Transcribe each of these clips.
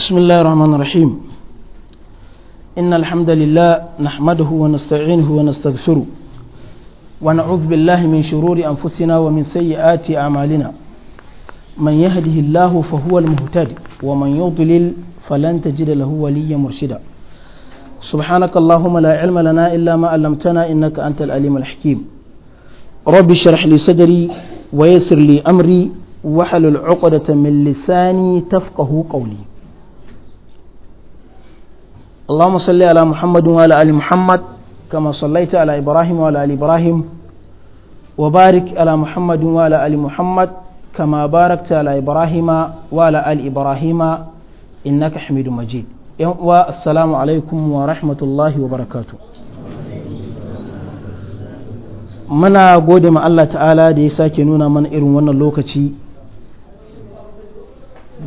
بسم الله الرحمن الرحيم إن الحمد لله نحمده ونستعينه ونستغفره ونعوذ بالله من شرور أنفسنا ومن سيئات أعمالنا من يهده الله فهو المهتد ومن يضلل فلن تجد له وليا مرشدا سبحانك اللهم لا علم لنا إلا ما علمتنا إنك أنت الأليم الحكيم رب اشرح لي صدري ويسر لي أمري وحل العقدة من لساني تفقه قولي اللهم صل على محمد وعلى ال محمد كما صليت على ابراهيم وعلى ال ابراهيم وبارك على محمد وعلى ال محمد كما باركت على ابراهيم وعلى ال ابراهيم انك حميد مجيد والسلام عليكم ورحمه الله وبركاته muna gode ma Allah ta'ala da ya sake nuna mana irin wannan lokaci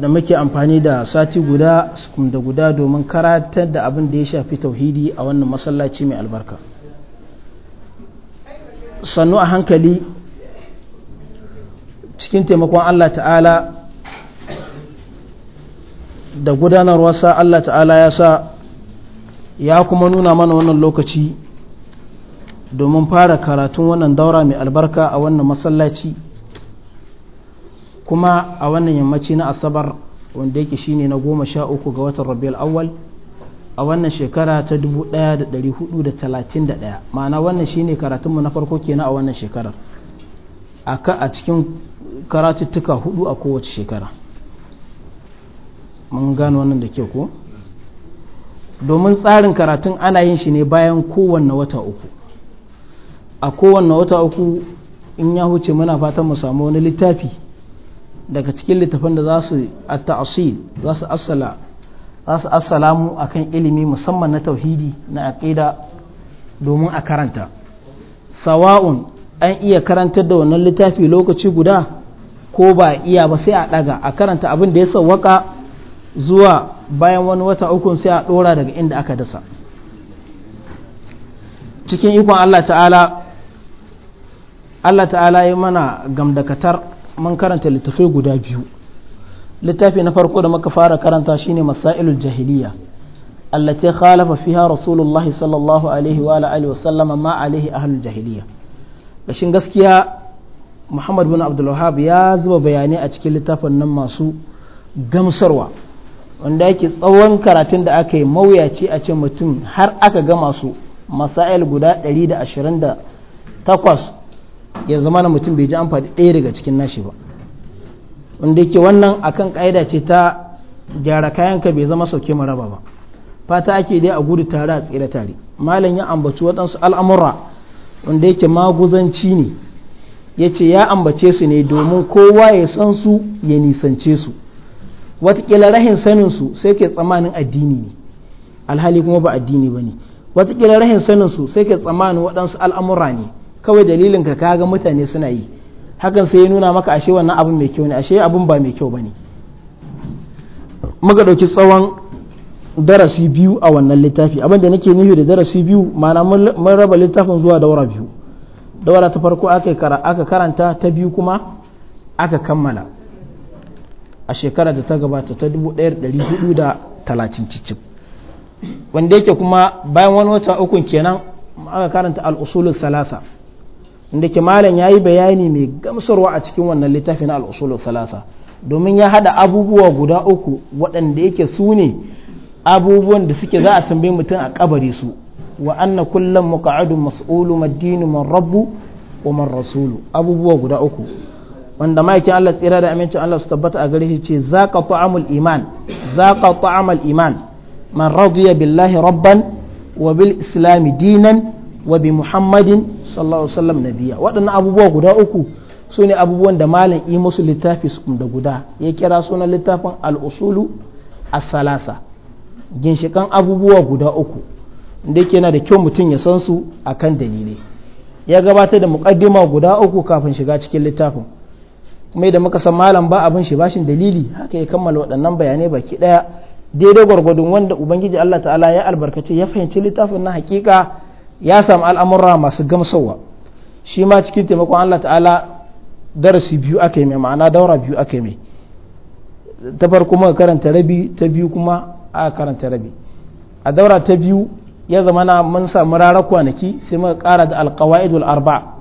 da muke amfani da sati guda da guda domin karatar da abin da ya shafi tauhidi a wannan masallaci mai albarka sannu a hankali cikin taimakon Allah ta'ala da gudanar wasa Allah ta'ala ya sa ya kuma nuna mana wannan lokaci domin fara karatun wannan daura mai albarka a wannan masallaci kuma a wannan yammaci na asabar wanda yake shine na goma sha uku ga watan rabiul awwal a wannan shekara ta 1431 ma'ana wannan shine karatunmu na farko kenan a wannan shekarar aka a cikin karatuttuka hudu a kowace shekara mun gano wannan da ke ko domin tsarin karatun ana yin shi ne bayan kowanne wata uku a kowanne wata uku in ya huce muna fatan mu samu wani littafi daga cikin littafan da za su a tasil za su asala za su a akan ilimi musamman na tauhidi na aƙida domin a karanta sawa'un an iya karantar da wannan littafi lokaci guda ko ba iya ba sai a ɗaga a karanta abin da ya sawwaka zuwa bayan wani wata uku sai a ɗora daga inda aka dasa cikin ikon Allah ta'ala Allah ta'ala ya mana gamdakatar mun karanta littafai guda biyu littafi na farko da muka fara karanta shine masailul jahiliya allati khalafa fiha rasulullahi sallallahu alaihi wa alihi wa sallama ma alaihi ahlul jahiliya gashin gaskiya muhammad bin abdul wahhab ya zuba bayani a cikin littafin nan masu gamsarwa wanda yake tsawon karatun da aka yi mawuyaci a ce mutum har aka gama su masail guda 128 ya zama na mutum bai ji an faɗi ɗaya daga cikin nashi ba wanda yake wannan akan ƙa'ida ce ta gyara kayan ka bai zama sauke maraba ba fata ake dai a gudu tare a tsira tare malam ya ambaci waɗansu al'amura wanda yake maguzanci ne ya ce ya ambace su ne domin kowa ya san su ya nisance su watakila rahin sanin su sai ke tsamanin addini ne alhali kuma ba addini ba ne watakila rahin sanin su sai ke tsamanin waɗansu al'amura ne kawai dalilin ka kaga mutane suna yi hakan sai ya nuna maka ashe wannan abin mai kyau ne ashe abin ba mai kyau bane muka ɗauki tsawon darasi biyu a wannan littafi abin da nake nufi da darasi biyu ma'ana mun raba littafin zuwa daura biyu daura ta farko aka karanta ta biyu kuma aka kammala a shekarar da ta gabata ta 1430 cicif wanda yake kuma bayan wani wata ukun kenan aka karanta al'usulul salasa inda ke malam ya yi bayani mai gamsarwa a cikin wannan littafin al'usul salasa domin ya hada abubuwa guda uku waɗanda yake su ne abubuwan da suke za a tambayi mutum a kabari su wa anna kullum muqa'adun mas'ulu madinu man rabbu wa man rasulu abubuwa guda uku wanda ma'aikin Allah tsira da amincin Allah su tabbata a gare shi ce za zaka ta'amul iman za zaka ta'amul iman man radiya billahi rabban wa bil islami dinan wa bi muhammadin sallallahu alaihi wasallam nabiya waɗannan abubuwa guda uku su ne abubuwan da malam yi musu littafi da guda ya kira sunan littafin al'usulu asalasa salasa ginshikan abubuwa guda uku da yake yana da kyau mutum ya san su akan dalilai ya gabatar da muqaddima guda uku kafin shiga cikin littafin kuma da muka san malam ba abin shi bashin dalili haka ya kammala waɗannan bayanai baki ɗaya daidai gwargwadon wanda ubangiji allah ta'ala ya albarkace ya fahimci littafin na hakika ya samu al'amurra masu gamsowa shi ma cikin taimakon Allah ta'ala darasi biyu aka yi mai ma'ana daura biyu aka yi mai ta farko muka karanta rabi ta biyu kuma a karanta rabi a daura ta biyu ya zama na mun samu rara kwanaki sai muka kara da alqawaidul arba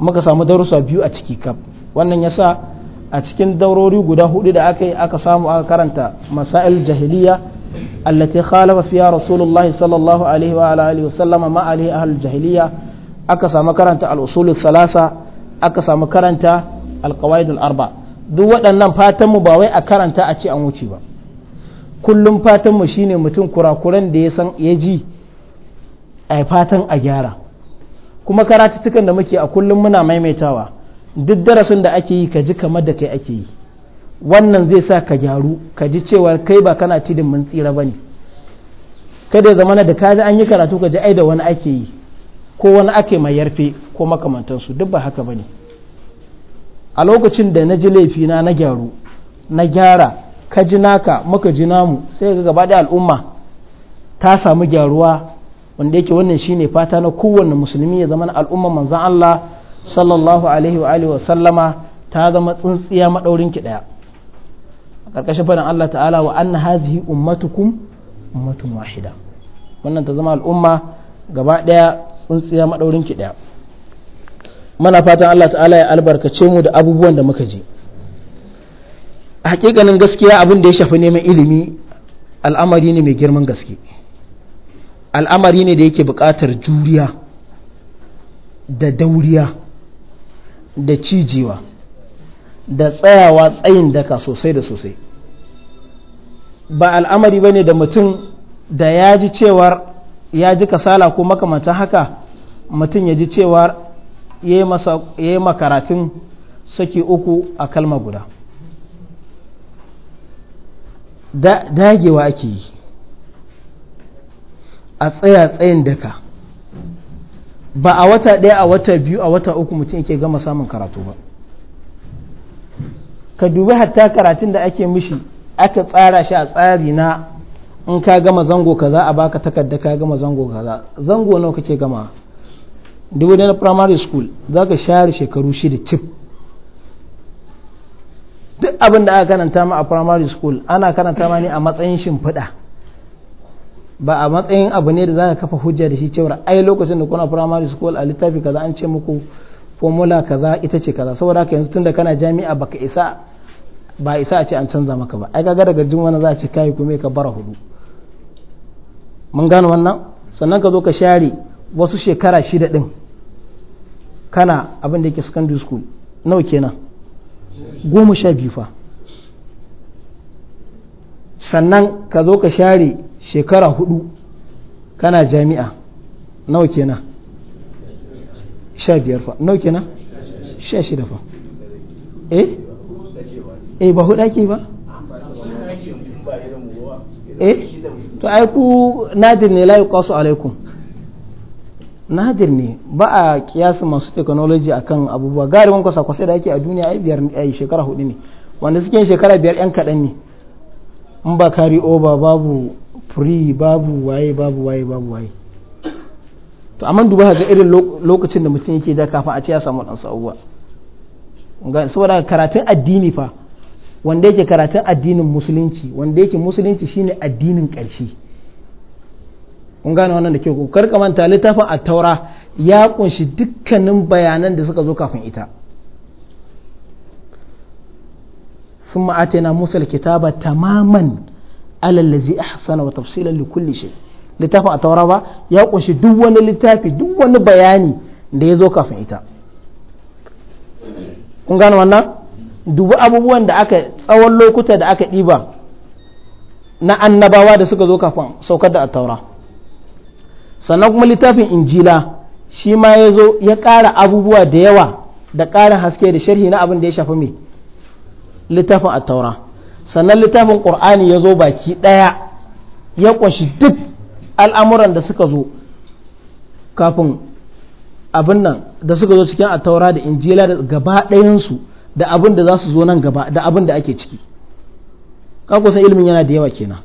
muka samu darussa biyu a ciki kaf wannan yasa a cikin daurori guda hudu da aka yi aka samu aka karanta masail jahiliya التي خالف فيها رسول الله صلى الله عليه وعلى آله وسلم ما عليه أهل الجاهلية أكسى مكرنت الأصول الثلاثة أكسى مكرنت القواعد duk waɗannan fatanmu ba wai a karanta a ce an wuce ba kullum fatanmu shine mutum kurakuran da ya san ya ji a fatan a gyara kuma karatuttukan da muke a kullum muna maimaitawa duk darasin da ake yi ka ji kamar da kai ake yi wannan zai sa ka gyaru ka ji cewa kai ba kana tidin mun tsira ba ne kada zama da ka ji an yi karatu ka ji ai da wani ake yi ko wani ake mai yarfe ko makamantansu duk ba haka ba ne a lokacin da na ji laifi na na gyaru na gyara ka ji naka muka ji namu sai ga gaba da al'umma ta samu gyaruwa wanda yake wannan shine fata na kowanne musulmi ya zama al'umma manzan Allah sallallahu alaihi wa alihi wa sallama ta zama tsintsiya madaurin ki daya karkashin fadan Allah ta'ala wa anna hazihi ummatukum ummatun wahida wannan ta zama al'umma gaba ɗaya tsintsiya maɗaurin ki ɗaya muna fatan Allah ta'ala ya albarkace mu da abubuwan da muka ji a hakikanin gaskiya abin da ya shafi neman ilimi al'amari ne mai girman gaske al'amari ne da yake buƙatar juriya da dauriya da cijewa da tsayawa tsayin daka sosai da sosai ba al'amari ba ne da mutum da ya ji cewar ya ji kasala ko makamantan haka mutum ya ji cewar ya yi makaratun saki uku a kalma guda dagewa ake yi a tsaya tsayin daka ba a wata ɗaya a wata biyu a wata uku mutum yake gama samun karatu ba ka dubi hatta karatun da ake mishi aka tsara shi a tsari na in ka gama zango kaza a baka takarda ka gama zango kaza zango nawa kake gama dubu da na primary school za ka share shekaru shida cif duk abin da aka karanta ma a primary school ana karanta ma ne a matsayin shimfiɗa ba a matsayin abu ne da za ka kafa hujja da shi cewar ai lokacin da kuna primary school a littafi kaza an ce muku formula kaza ita ce kaza saboda haka yanzu tunda kana jami'a baka isa ba isa a ce an canza maka ba ai kaga daga jin wani za a ce kai kuma ka bara hudu mun gano wannan sannan ka zo ka share wasu shekara shida din kana abin da yake secondary school nawa kenan goma sha biyu fa sannan ka zo ka share shekara hudu kana jami'a nawa kenan sha biyar fa nawa kenan sha shida fa eh eh ba hudu ke ba eh to ai ku nadir ne layu kasu alaikum nadir ne ba a kiyasi masu technology akan abubuwa gari gariban kwasa-kwasai da ake a duniya ai biyar ai shekara hudu ne wanda suke shekara biyar yan kaɗan ne in ba kari over babu free babu waye babu waye babu waye to amma duba ga irin lokacin da mutum yake da kafa a ce ya samu dan sa'uwa saboda karatun addini fa wanda yake karatun addinin musulunci wanda yake musulunci shine addinin ƙarshe kun gane wannan da ke kokar manta littafin a taura ya kunshi dukkanin bayanan da suka zo kafin ita sun yana musul kitaba tamaman alallazi على wa أحسن وتفصيلا لكل shi littafin a taura ba ya kunshi duk wani littafi duk wani bayani da ya zo kafin ita kun gane wannan dubu abubuwan da aka tsawon lokuta da aka ɗiba na annabawa da suka zo kafin saukar da attaura sannan kuma littafin injila shi ma ya zo ya ƙara abubuwa da yawa da ƙarin haske da sharhi na abin da ya shafi mai littafin attaura sannan littafin ƙur'ani ya zo baki ɗaya ya ƙunshi duk al'amuran da suka zo kafin abin nan da suka zo cikin attaura da injila da gaba ɗayansu da abin da za su zo nan gaba da abin da ake ciki ka san ilimin yana da yawa kenan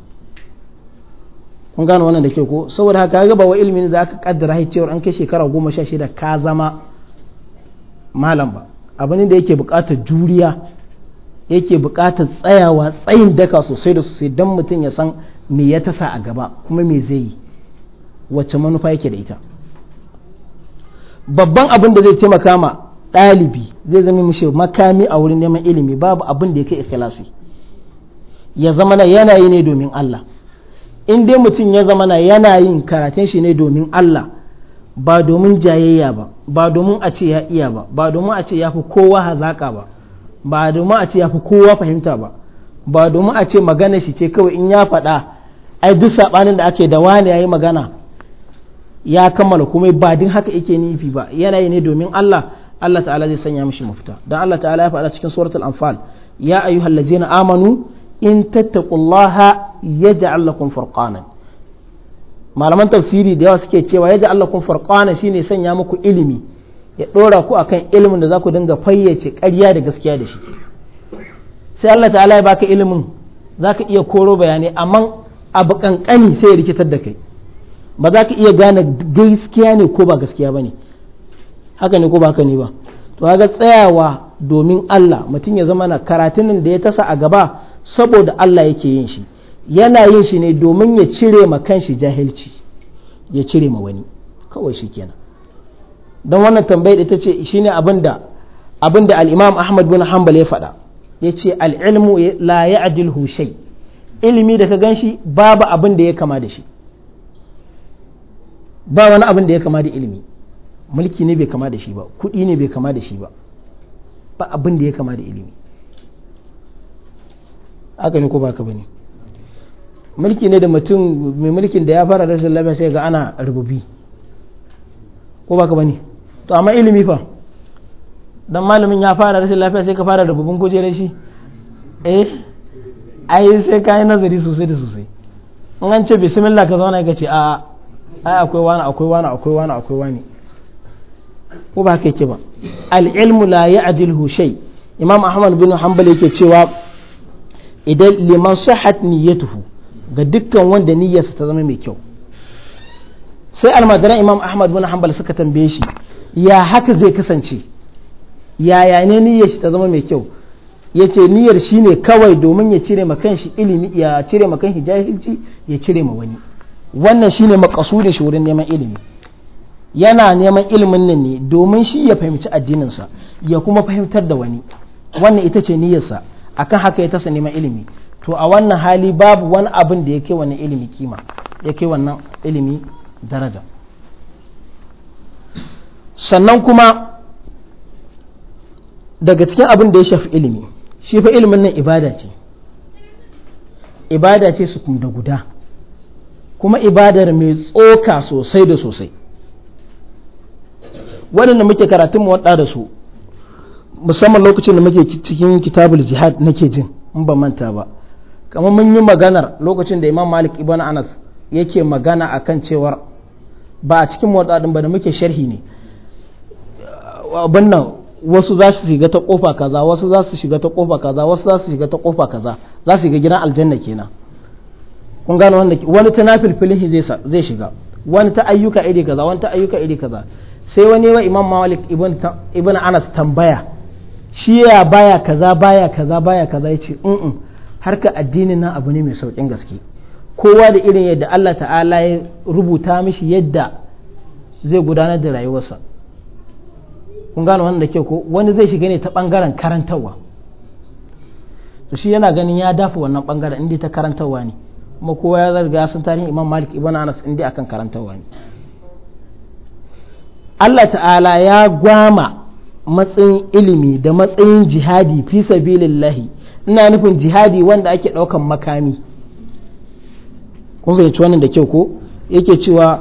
kun gane wannan da ke ko saboda haka ga ba wa ilimi da aka kaddara hai an kai shekara goma sha shida ka zama malam ba abin da yake bukatar juriya yake bukatar tsayawa tsayin daka sosai da sosai don mutum ya san me ya tasa a gaba kuma me zai yi wacce manufa yake da ita babban abin da zai taimaka ma ɗalibi zai zama mishi makami a wurin neman ilimi babu abin da ya kai ikhlasi ya zama na yanayi ne domin Allah in dai mutum ya zama na yanayin karatun shi ne domin Allah ba domin jayayya ba ba domin a ce ya iya ba ba domin a ce ya fi kowa hazaka ba ba domin a ce ya fi kowa fahimta ba ba domin a ce magana shi ce kawai in ya faɗa ai duk saɓanin da ake da wani ya yi magana ya kammala kuma ba din haka yake nufi ba yanayi ne domin Allah Allah ta'ala zai sanya mishi mafita dan Allah ta'ala ya faɗa cikin suratul anfal ya ladzina amanu in tattaqullaha yaj'al lakum furqana malaman tafsiri da yawa suke cewa yaj'al lakum furqana shine sanya muku ilimi ya dora ku akan ilimin da zaku dinga fayyace ƙarya da gaskiya da shi sai Allah ta'ala ya baka ilimin zaka iya koro bayanai amma abu kankani sai ya rikitar da kai ba za ka iya gane gaskiya ne ko ba gaskiya bane. haka ne ko ba haka ne ba to kaga tsayawa domin Allah mutum ya zama na karatun da ya tasa a gaba saboda Allah yake yin shi yana yin shi ne domin ya cire ma kanshi jahilci ya cire ma wani kawai shi kenan don wannan tambayar ita ce shine abinda abinda al-Imam Ahmad bin Hanbal ya faɗa yace al-ilmu la ya'dilu shay ilimi da ka ganshi babu abin da ya kama da shi ba wani abin da ya kama da ilmi. mulki ne bai kama da shi ba kuɗi ne bai kama da shi ba ba abin da ya kama da ilimi haka ne ko ba ka bane mulki ne da mutum mai mulkin da ya fara rashin lafiya sai ga ana rububi ko ba ka bane to amma ilimi fa dan malamin ya fara rashin lafiya sai ka fara rububin kujerar shi eh ai sai ka yi nazari sosai da sosai in an ce bismillah ka zauna ka ce a ai akwai wani akwai wani akwai wani akwai wani ko ba ka yake ba al'ilmu la ya'dilhu shai imam ahmad bin hanbal yake cewa idan liman sahat niyyatuhu ga dukkan wanda niyyarsa ta zama mai kyau sai almajiran imam ahmad bin hanbal suka tambaye shi ya haka zai kasance yaya ne niyyar shi ta zama mai kyau ya ce niyyar shi ne kawai domin ya cire ma kanshi ilimi ya cire ma kanshi jahilci ya cire ma wani wannan shine makasudin shi wurin neman ilimi yana neman ilimin nan ne domin shi ya fahimci addininsa ya kuma fahimtar da wani wannan ita ce niyyarsa akan haka ya tasa neman ilimi to a wannan hali babu wani abin da ya ke wannan ilimi kima ya ke wannan ilimi daraja sannan kuma daga cikin abin da ya shafi ilimi shi fa ilimin nan ibada ce ibada ce su da guda kuma ibadar mai tsoka sosai da sosai waɗanda muke karatun mu wadda da su musamman lokacin da muke cikin kitabul jihad nake jin in ba manta ba kamar mun yi maganar lokacin da imam malik ibn anas yake magana akan cewar ba a cikin wadadin ba da muke sharhi ne abin wasu za su shiga ta kofa kaza wasu za su shiga ta kofa kaza wasu za su shiga ta kofa kaza za su shiga gidan aljanna kenan kun gano wanda wani ta nafilfilin zai shiga wani ta ayyuka iri kaza wani ta ayyuka iri kaza sai wani wa imam malik ibn anas tambaya shi ya baya kaza baya kaza baya kaza ya ce in harka addinin nan abu ne mai saukin gaske kowa da irin yadda Allah ta'ala ya rubuta mishi yadda zai gudanar da rayuwarsa kun gano wannan ke ko wani zai shiga ne ta bangaren karantarwa to shi yana ganin ya dafa wannan bangaren inda ta karantarwa ne kuma kowa ya zarga sun tarihin imam malik ibn anas inda akan karantarwa ne Allah ta'ala ya gwama matsayin ilimi da matsayin jihadi fi sabilillahi ina nufin jihadi wanda ake ɗaukan makami kun fahimci wannan da kyau ko yake cewa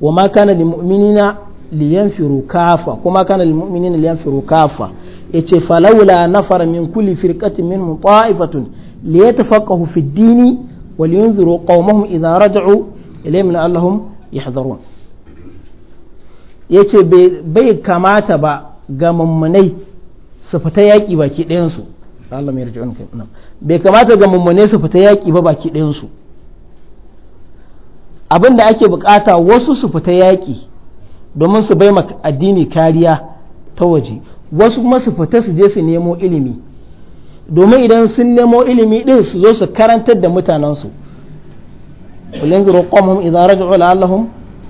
wa ma kana lil mu'minina liyanfiru kafa kuma kana lil mu'minina liyanfiru kafa yace falawla nafara min kulli firqatin minhum ta'ifatun liyatafaqahu fid dini wa liyunziru qaumahum idza raja'u ilayhim la'allahum yahzarun ya ce bai kamata ba ga mummunai su fita yaƙi baki ɗayansu Allah bai kamata ga mummunai su fita yaƙi ba baki ɗayansu abin ake bukata wasu su fita yaƙi domin su bai addini kariya ta waje wasu kuma su fita su je su nemo ilimi domin idan sun nemo ilimi ɗin su zo su karantar da mutanensu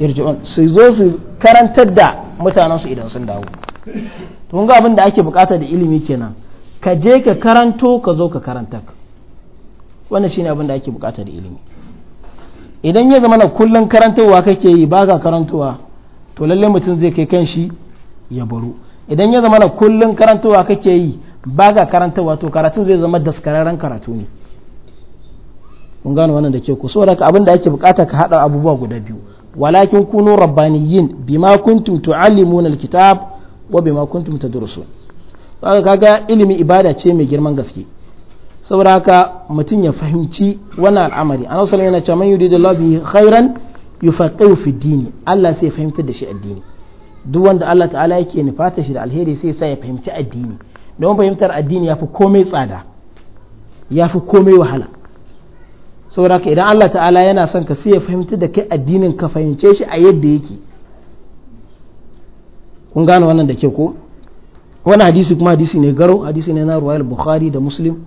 irji'un su zo su karantar da mutanen su idan sun dawo to kun ga abin da ake bukata da ilimi kenan ka je ka karanto ka zo ka karanta wannan shine abin da ake bukata da ilimi idan ya zama na kullun karantarwa kake yi ba ga karantowa to lalle mutum zai kai kanshi ya baro idan ya zama na kullun karantowa kake yi ba ga karantarwa to karatun zai zama daskararren karatu ne kun gano wannan da ke ku saboda abin da ake bukata ka hada abubuwa guda biyu walakin kunu rabbaniyin bima kuntum tu'allimuna alkitab wa bima kuntum tadrusun kaga ilimi ibada ce mai girman gaske saboda haka mutum ya fahimci wannan al'amari a sallallahu yana cewa man bihi khairan yufaqihu fi dini Allah sai ya fahimtar da shi addini duk wanda Allah ta'ala yake nufata shi da alheri sai sa ya fahimci addini don fahimtar addini ya fi komai tsada ya fi komai wahala saboda ka idan Allah ta'ala yana son ka sai ya fahimta da kai addinin ka fahimce shi a yadda yake kun gane wannan da ke ko wani hadisi kuma hadisi ne garo hadisi ne na ruwayar bukhari da muslim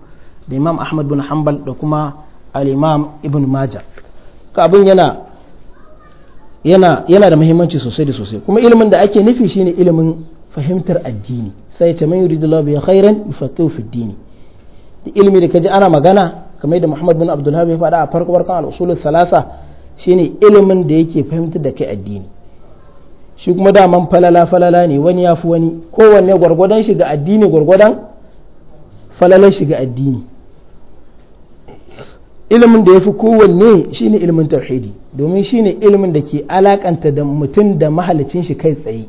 da imam ahmad bin hanbal da kuma al-imam ibn majah ka abin yana yana yana da muhimmanci sosai da sosai kuma ilimin da ake nufi shine ilimin fahimtar addini sai ta man yuridu bi khairan yufaqihu fi dini ilimi da kaji ana magana kamar da Muhammad bin Abdul ya faɗa a farko farkon al-usulul thalatha shine ilimin da yake fahimtar da kai addini shi kuma daman falala falala ne wani ya fi wani kowanne gwargwadon shiga addini gwargwadon falalar shiga addini ilimin da ya fi kowanne shine ilimin tauhidi domin shine ilimin da ke alakanta da mutum da mahalicin shi kai tsaye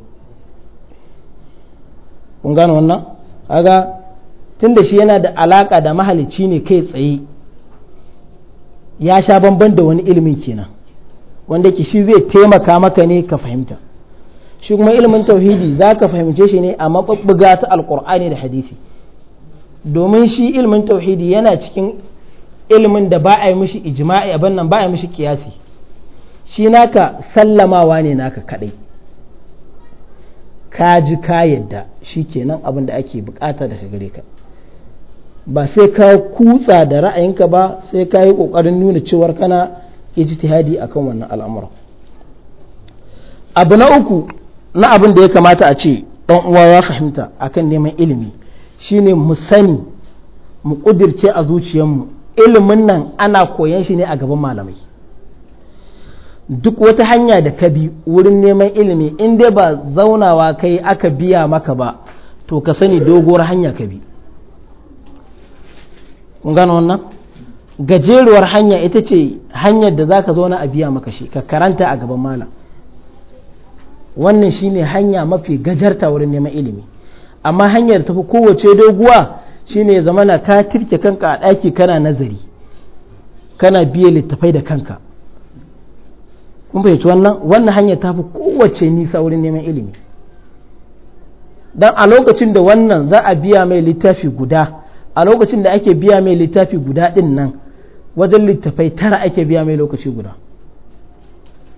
kun gane wannan aga tunda shi yana da alaka da mahalicci ne kai tsaye ya sha bamban da wani ilimin kenan wanda ke shi zai taimaka maka ne ka fahimta shi kuma ilimin tauhidi za ka fahimce shi ne a maɓaɓɓuga ta alkur'ani da hadisi domin shi ilimin tauhidi yana cikin ilimin da ba a yi mishi ijma'i abin nan ba a yi mishi kiyasi shi naka sallamawa ne naka kaɗai ka ji ka yadda shi kenan abin da ake bukata daga gare ka ba sai ka kutsa da ra'ayinka ba sai ka yi ƙoƙarin nuna cewar kana ijtihadi akan wannan al'amura abu na uku na abin da ya kamata a ce ɗan uwa ya fahimta akan neman ilimi shine mu sani mu ƙudirce a zuciyarmu ilimin nan ana koyan shi ne a gaban malamai duk wata hanya da ka bi wurin neman ilimi in dai ba zaunawa kai aka biya maka ba to ka sani doguwar hanya ka bi kun gano wannan gajeruwar hanya ita ce hanyar da za ka zauna a biya maka shi ka karanta a gaban malam wannan shine hanya mafi gajarta wurin neman ilimi amma hanyar tafi kowace doguwa shine na ka tirke kanka a ɗaki kana nazari kana biya littafai da kanka kun fahimci wannan wannan hanyar tafi kowace nisa wurin neman ilimi don a lokacin da wannan za a biya mai littafi guda a lokacin da ake biya mai littafi guda ɗin nan wajen littafai tara ake biya mai lokaci guda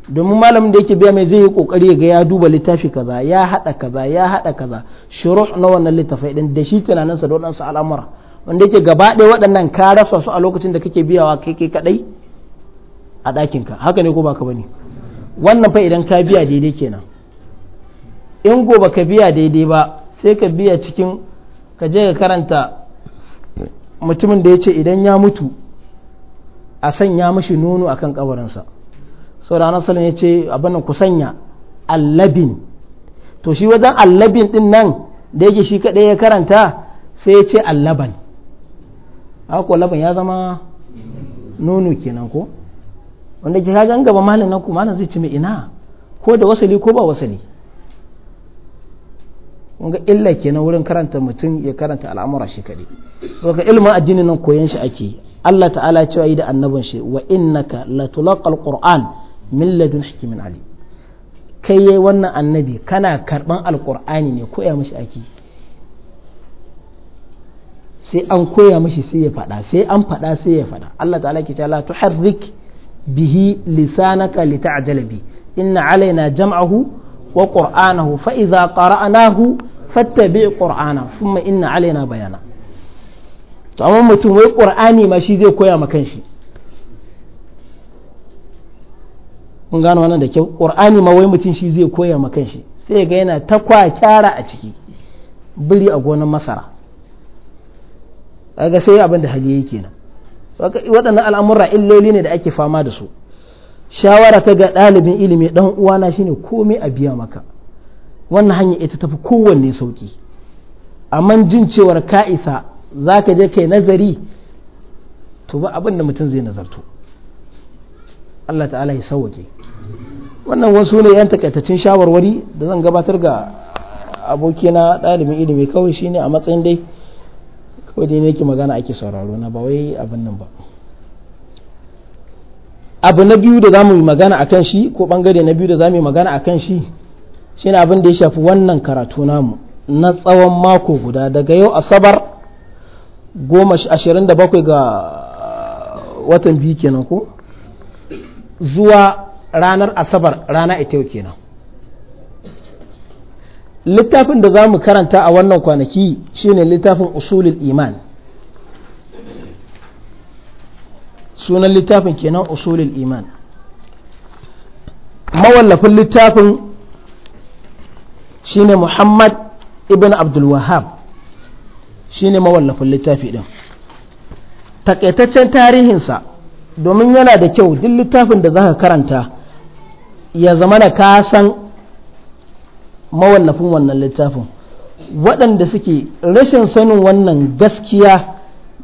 domin malamin da yake biya mai zai yi kokari ga ya duba littafi kaza ya hada kaza ya hada kaza shuruh na wannan littafai din da shi tunaninsa da waɗansu al'amura wanda yake gaba ɗaya waɗannan ka rasa su a lokacin da kake biyawa kai kai kadai a ɗakin ka haka ne ko baka bane wannan fa idan ka biya daidai kenan in gobe ka biya daidai ba sai ka biya cikin ka je ka karanta mutumin da ya ce idan ya mutu a sanya mashi nono a kan kabarinsa da ana salin ya ce abin ku sanya allabin to shi wajen allabin din nan da yake shi kaɗai ya karanta sai ya ce allaban haka laban ya zama nono kenan ko wanda ke kaga gaba malin nan ku malin zai ci mai ina ko da wasali ko ba wasali kun ga illa kenan wurin karanta mutum ya karanta al'amura shi kaɗai daga ilimin addinin nan koyan shi ake Allah ta'ala cewa yi da annabin shi wa innaka la tulaqal qur'an min ladun hakimin ali kai yayi wannan annabi kana karban alqur'ani ne koya mishi ake sai an koya mishi sai ya faɗa sai an faɗa sai ya faɗa Allah ta'ala ke cewa la tuharrik bihi lisanaka lita'jala bi inna alaina jam'ahu wa qur'anahu fa idza qara'nahu fattabi' qur'ana thumma inna alaina bayana to amma mutum wai ƙur'ani ma shi zai koya ma kanshi mun gano wannan da kyau qur'ani ma wai mutum shi zai koya ma kanshi sai ga yana ta kwakyara a ciki biri a gonan masara kaga sai abin da hali yake nan waɗannan al'amura illoli ne da ake fama da su shawara ta ga ɗalibin ilimi ɗan uwana shine komai a biya maka wannan hanya ita tafi kowanne sauki amma jin cewar ka isa za ka je kai nazari to ba abin da mutum zai nazarto Allah ta'ala ya sauwake wannan wasu ne 'yan takaitaccen shawarwari da zan gabatar ga abokina ɗalibin ilimi kawai shine a matsayin dai kawai dai yake magana ake sauraro na ba wai abin nan ba abu na biyu da za mu yi magana akan shi ko bangare na biyu da za mu yi magana akan shi shine abin da ya shafi wannan karatu namu na tsawon mako guda daga yau asabar goma ashirin da bakwai ga uh, watan biyu kenan ko zuwa ranar asabar rana ita yau kenan littafin da za mu karanta a wannan kwanaki shine littafin usulul iman sunan littafin kenan usulul iman mawallafin littafin shine muhammad ibn abdul wahab Shi ne mawallafin littafi ɗin. Taƙaitaccen tarihinsa domin yana da kyau duk littafin da za ka karanta ya zama da ka mawallafin wannan littafin waɗanda suke rashin sanin wannan gaskiya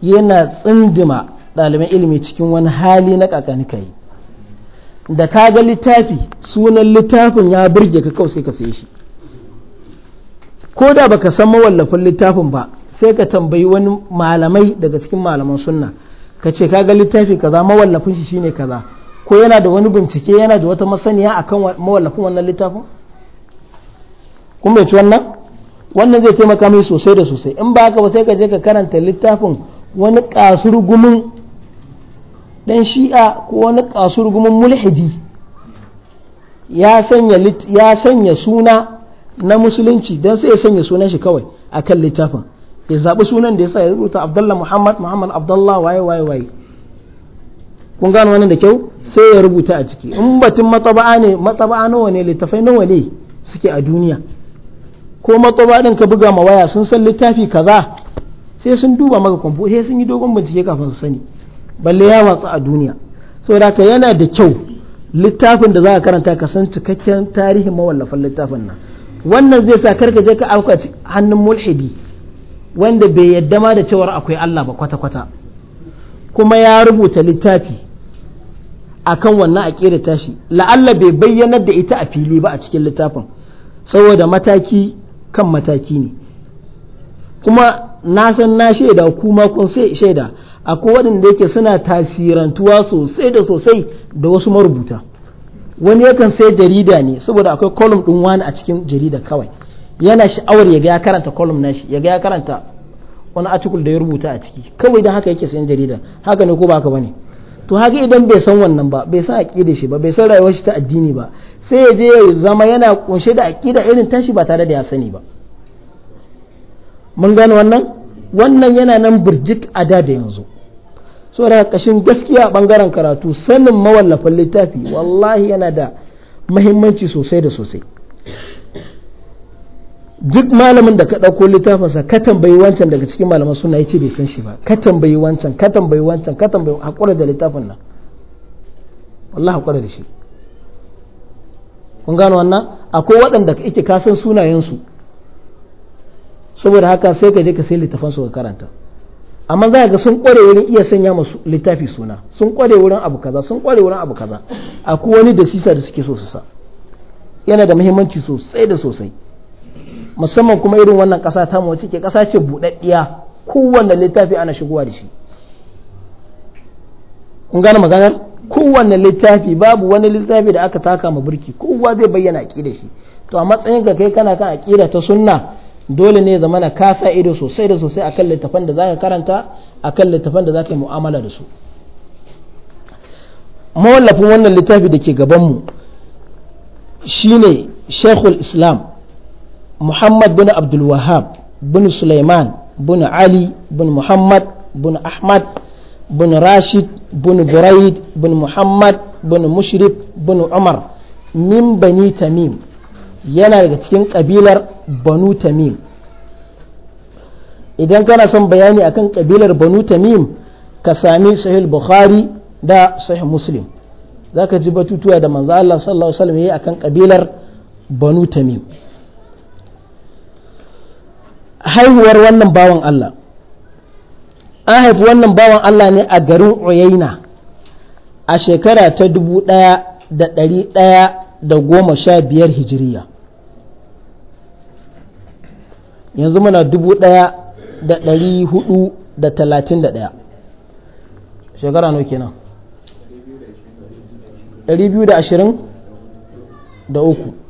yana tsindima ɗaliban ilimi cikin wani hali na kakanikai da ka ga littafi sunan littafin ya burge ka kawai sai ka saye shi ko da baka san mawallafin littafin ba sai ka tambayi wani malamai daga cikin malaman sunna ka ce kaga littafi kaza mawallafin shi shine kaza ko yana da wani bincike yana da wata masaniya akan mawallafin wannan littafin kun bai ci wannan wannan zai taimaka mai sosai da sosai in ba haka ba sai ka je ka karanta littafin wani gumin dan shi'a ko wani gumin mulhidi ya sanya suna na musulunci don sai ya sanya sunan shi kawai akan littafin ya zaɓi sunan da ya sa ya rubuta abdullah muhammad muhammad abdullah waye waye waye kun gano wannan da kyau sai ya rubuta a ciki in batun mataba'a ne mataba'a nawa ne littafai nawa ne suke a duniya ko matsaba din ka buga ma waya sun san littafi kaza sai sun duba maka kwamfu sai sun yi dogon bincike kafin su sani balle ya watsa a duniya saboda haka yana da kyau littafin da za ka karanta ka san cikakken tarihin mawallafan littafin nan wannan zai sa karka je ka auka hannun mulhidi wanda bai yadda ma da cewar akwai Allah ba kwata-kwata kuma ya rubuta littafi a akan wannan ƙera tashi la'alla bai bayyanar da ita a fili ba a cikin littafin saboda mataki kan mataki ne kuma na san na shaida kuma kun sai shaida akwai waɗanda yake suna tasirantuwa sosai da sosai da wasu marubuta wani yakan sai jarida ne saboda akwai kolum ɗin wani a cikin jarida kawai yana sha'awar ya ga ya karanta column nashi ya ga ya karanta wani article da ya rubuta a ciki kawai dan haka yake sayan jarida haka ne ko ba haka bane to haka idan bai san wannan ba bai san aqida shi ba bai san rayuwar shi ta addini ba sai ya je ya zama yana kunshe da aqida irin tashi ba tare da ya sani ba mun gane wannan wannan yana nan burjik a da da yanzu da kashin gaskiya bangaren karatu sanin mawallafin littafi wallahi yana da mahimmanci sosai da sosai duk malamin da ka ɗauko littafinsa ka tambayi wancan daga cikin malaman suna ya ce bai san shi ba ka tambayi wancan ka tambayi wancan ka tambayi haƙura da littafin nan wallahi haƙura da shi kun gano wannan akwai waɗanda ike kasan sunayensu saboda haka sai ka je ka sai littafan su ka karanta amma za ga sun ƙware wurin iya sanya masu littafi suna sun ƙware wurin abu kaza sun ƙware wurin abu kaza akwai wani da sisa da suke so su sa yana da muhimmanci sosai da sosai musamman kuma irin wannan ƙasa ta mu ke ƙasa ce buɗaɗɗiya kowanne littafi ana shigowa da shi kun gane maganar kowanne littafi babu wani littafi da aka taka ma birki kowa zai bayyana aƙida shi to a matsayin ka kai kana kan aƙida ta sunna dole ne zama na kasa ido sosai da sosai akan littafan da zaka karanta akan littafan da zaka yi mu'amala da su mawallafin wannan littafi da ke mu shine shekul islam muhammad bin abdulwahab bin sulaiman bin ali bin muhammad bin ahmad bin rashid bin buraid bin muhammad bin mushrif bin umar min bani tamim yana daga cikin kabilar banu tamim idan kana son bayani akan kabilar banu tamim ka sami sahih bukhari da sahih muslim zaka ji batutuwa da manzo Allah sallallahu alaihi wasallam yayi akan kabilar banu tamim haihuwar wannan bawan Allah an haifi wannan bawan Allah ne a garin Uyaina a shekara ta dubu ɗaya da ɗari ɗaya da goma sha biyar hijiriya yanzu muna dubu ɗaya da ɗari hudu da talatin da ɗaya shekara nau kenan ɗari biyu da ashirin da uku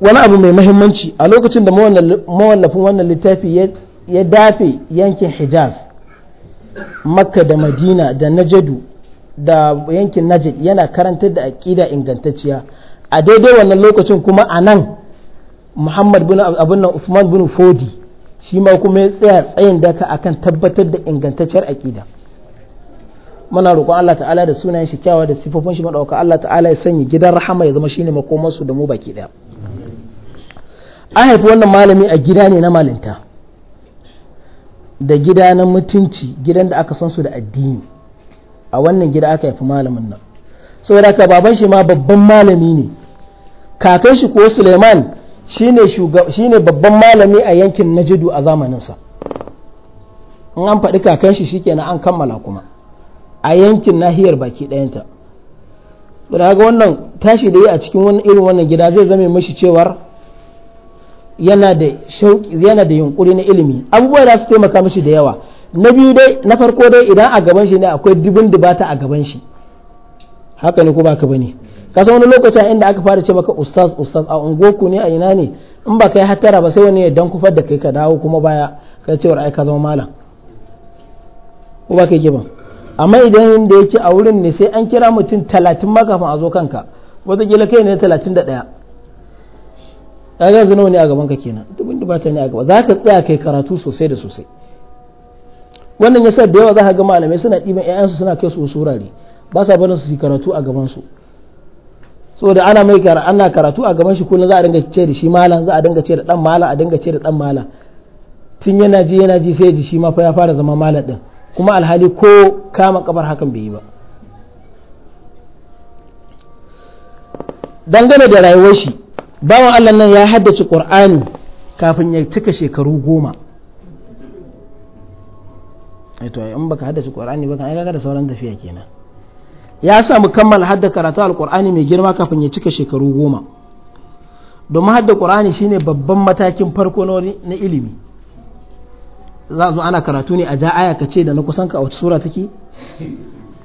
wani abu mai mahimmanci a lokacin da mawallafin wannan littafi ya dafe yankin hijaz makka da madina da najadu da yankin najad yana karantar da aƙida ingantacciya a daidai wannan lokacin kuma a nan muhammad bin usman bin fodi shi ma kuma ya tsaya tsayin daka akan tabbatar da ingantacciyar aƙida muna roƙon Allah ta'ala da sunayen shi kyawa da sifofin shi maɗauka Allah ta'ala ya sanya gidan rahama ya zama shine makomarsu da mu baki ɗaya. an haifi wannan malami a gida ne na malinta da gida na mutunci gidan da aka san su da addini a wannan gida aka haifi malamin nan saboda haka baban shi ma babban malami ne kakan shi ko suleiman shine babban malami a yankin jidu a zamaninsa in an faɗi kakan shi shikenan an kammala kuma a yankin nahiyar baki ɗayanta da haka wannan tashi da yi a cikin irin wannan gida zai zame mashi cewar yana da shauki yana da yunkuri na ilimi abubuwa da su taimaka mishi da yawa na biyu dai na farko dai idan a gaban shi ne akwai dubin dubata a gaban shi haka ne ko ba ka bane kasan wani lokaci inda aka fara ce maka ustaz ustaz a ungoku ne a ina ne in ba kai hatara ba sai wani ya dan kufar da kai ka dawo kuma baya ka ce ai ka zama malam ko ba kai ba amma idan da yake a wurin ne sai an kira mutum talatin ma a zo kanka wataƙila kai ne talatin da daya. ka ga nawa ne a gaban ka kenan ba ta ne a gaba za ka tsaya kai karatu sosai da sosai wannan yasa da yawa za ka ga malamai suna ɗiban ƴaƴansu suna kai su wasu wurare ba sa barin su yi karatu a gaban su saboda ana mai kara ana karatu a gaban shi kullum za a dinga ce da shi malam za a dinga ce da dan malam a dinga ce da dan malam tun yana ji yana ji sai ji shi ma fa ya fara zama malam din kuma alhali ko kama kabar hakan bai yi ba dangane da rayuwar shi bawan Allah nan ya haddace Qur'ani kafin ya cika shekaru goma eh to in baka haddace Qur'ani ba kan aika da sauran tafiya kenan ya samu kammala hadda karatu al-kur'ani mai girma kafin ya cika shekaru goma domin hadda qur'ani shine babban matakin farko na ilimi za zo ana karatu ne a ja aya ce da na kusan ka a wata sura take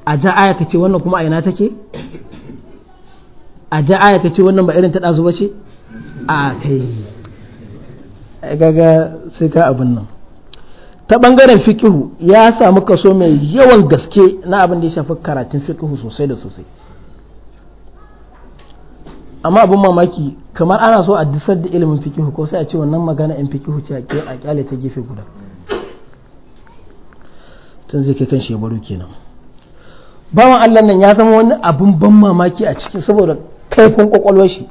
a ja aya ce wannan kuma a ina take a ja aya ka ce wannan ba irin ta ɗazu ba ce a kai gaga sai ka abin nan ta ɓangaren fikihu ya samu kaso mai yawan gaske na abin da ya shafi karatun fikihu sosai da sosai amma abin mamaki kamar ana so a disar da ilimin fikihu ko sai a ce wannan magana in fikihu ce a kyale ta gefe guda tun zai kai kan shebaru kenan bawan allah nan ya zama wani abin ban mamaki a cikin saboda kaifin kwakwalwar shi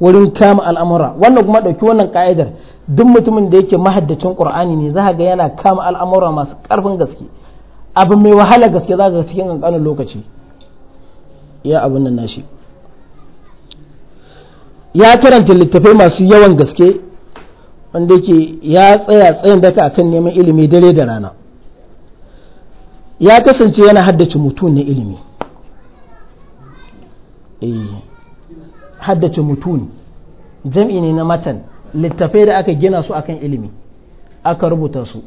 wurin kama al'amura wannan kuma ɗauki wannan ka'idar duk mutumin da yake mahaddacin qur'ani ne za ga yana kama al'amura masu ƙarfin gaske abu mai wahala gaske za ga cikin ƙanƙanin lokaci ya abin nan nashi ya karanta littattafai masu yawan gaske wanda yake ya tsaya tsayin daka akan neman ilimi dare da rana ya kasance yana haddace mutum na ilimi Eh, haddace mutun jam'i ne na matan littafai da aka gina su akan ilimi aka rubuta su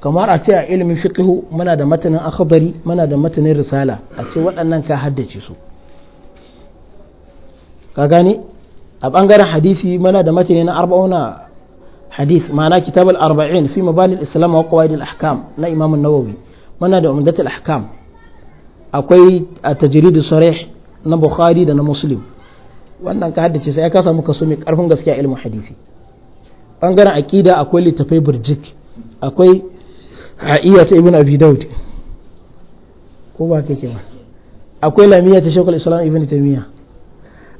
kamar a ce a ilimin fiqihu muna da matanin akhbari muna da matanin risala a ce waɗannan ka haddace su ka gane a bangaren hadisi muna da matanin na arba'una hadith ma'ana kitab al-arba'in fi mabani al-islam wa qawaid al-ahkam na imam an-nawawi muna da umdat al-ahkam akwai a tajrid sarih na bukhari da na muslim wannan ka haddace sai ka samu kaso mai karfin gaskiya ilmu hadisi bangaren aqida akwai littafai burjik akwai ha'iya ta ibn abi daud ko ba kake ba akwai lamiya ta shekul islam ibn taymiya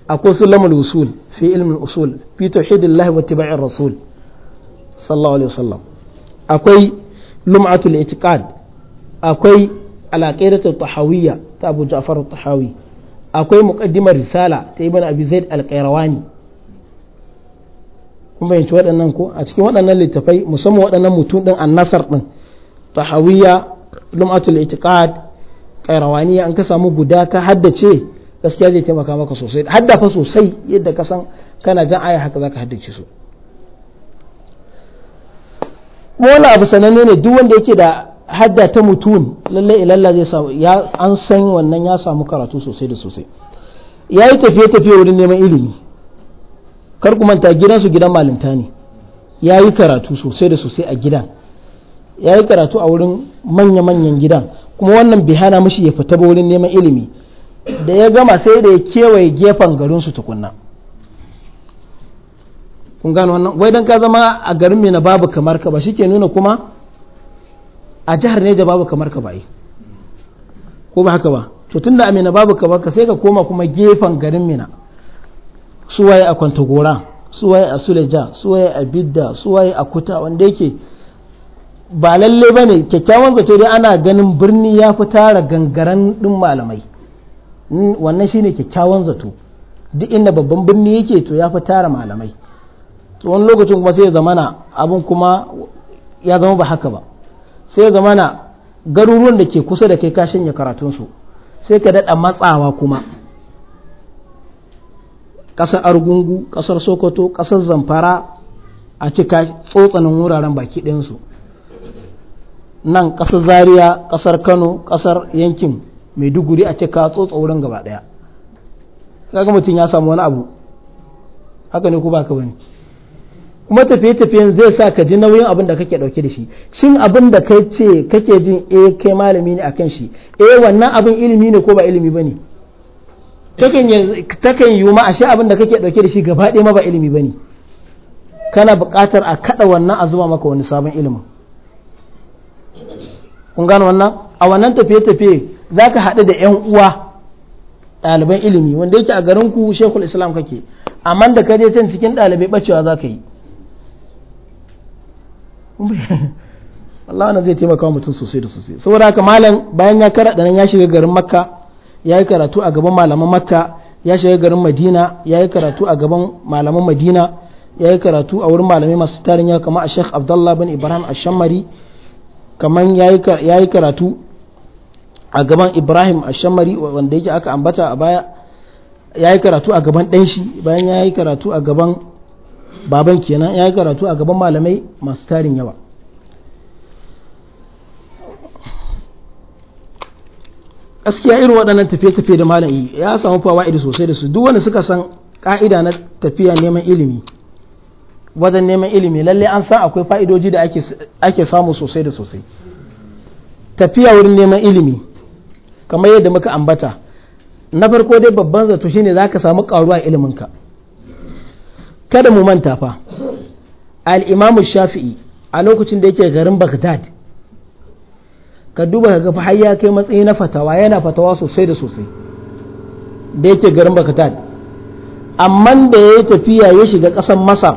akwai sulamul usul fi ilmin usul fi tauhidillah wa tibai'ir rasul sallallahu alaihi wasallam akwai lum'atul itiqad akwai al tahawiyya ta abu ja'far at-tahawi akwai muƙaddimar risala ta ibn abi zaid al-qayrawani kun bayyanci waɗannan ko a cikin waɗannan littafai musamman waɗannan mutum ɗin annasar ɗin tahawiyya lum'atul itiqad qayrawani an ka samu guda ka haddace gaskiya zai taimaka maka sosai haddafa sosai yadda ka san kana jan aya haka zaka haddace su bola abu sananne ne duk wanda yake da hadda ta mutum lalle ilalla zai samu ya an san wannan ya samu karatu sosai da sosai ya yi tafiye tafiye wurin neman ilimi kar ku manta gidansu gidan malinta ne ya yi karatu sosai da sosai a gidan ya yi karatu a wurin manya-manyan gidan kuma wannan bai hana mashi ya fita ba wurin neman ilimi da ya gama sai da ya kewaye gefen garinsu tukunna kun gano wannan wai dan ka zama a garin mai na babu kamar ka ba shi ke nuna kuma a jihar ne da babu kamar ka yi ko ba haka ba to tun da Amina babu kaba ka sai ka koma kuma gefen garin Mina su waye a Kwantagora su waye a Suleja su waye a Bidda su waye a Kuta wanda yake ba lalle ba ne kyakkyawan zato dai ana ganin birni ya fi tara gangaren din malamai mm, wannan shine kyakkyawan zato duk inda babban birni yake to ya fi tara malamai to lokacin kuma sai ya zamana abin kuma ya zama ba haka ba sai zamana garuruwan da ke kusa da kai ka shanya karatunsu sai ka daɗa matsawa kuma ƙasar argungu ƙasar sokoto ƙasar zamfara a cika tsotsanin wuraren baki ɗinsu nan ƙasar zariya ƙasar kano ƙasar yankin mai maiduguri a cika tsotsa wurin gaba ɗaya kaga mutum ya samu wani abu haka ne ku ba ka kuma tafiye-tafiyen zai sa ka ji nauyin abin da kake dauke da shi shin abin da kai ce kake jin e kai malami ne akan shi e wannan abin ilimi ne ko ba ilimi ne. takan yi ma ashe abin da kake dauke da shi gaba ɗaya ma ba ilimi ne. kana buƙatar a kada wannan a zuba maka wani sabon ilimin kun gano wannan a wannan tafiye-tafiye za ka haɗu da 'yan uwa ɗaliban ilimi wanda yake a garin ku shekul islam kake amma da ka je can cikin ɗalibai ɓacewa za ka yi Allah wannan zai taimaka mutum sosai da sosai saboda haka malam bayan ya karaɗa nan ya shiga garin makka ya yi karatu a gaban malaman makka ya shiga garin madina ya yi karatu a gaban malaman madina ya yi karatu a wurin malamai masu tarin yawa kamar a sheikh abdullah bin ibrahim ashammari kamar ya yi karatu a gaban ibrahim ashammari wanda yake aka ambata a baya ya yi karatu a gaban shi bayan ya yi karatu a gaban baban kenan ya yi karatu a gaban malamai masu tarin yawa gaskiya irin waɗannan tafiye-tafiye da malam ya samu idu sosai da su duk wanda suka san ƙa'ida na tafiya neman ilimi wajen neman ilimi lalle an san akwai fa'idoji da ake samu sosai da sosai tafiya wurin neman ilimi kamar yadda muka ambata na farko dai babban zato shine za ka samu ƙaruwa iliminka kada mu manta fa al-imamu shafi'i a lokacin da yake garin baghdad ka duba ga har ya kai matsayi na fatawa yana fatawa sosai da sosai da yake garin baghdad amma da ya tafiya ya shiga ƙasar masar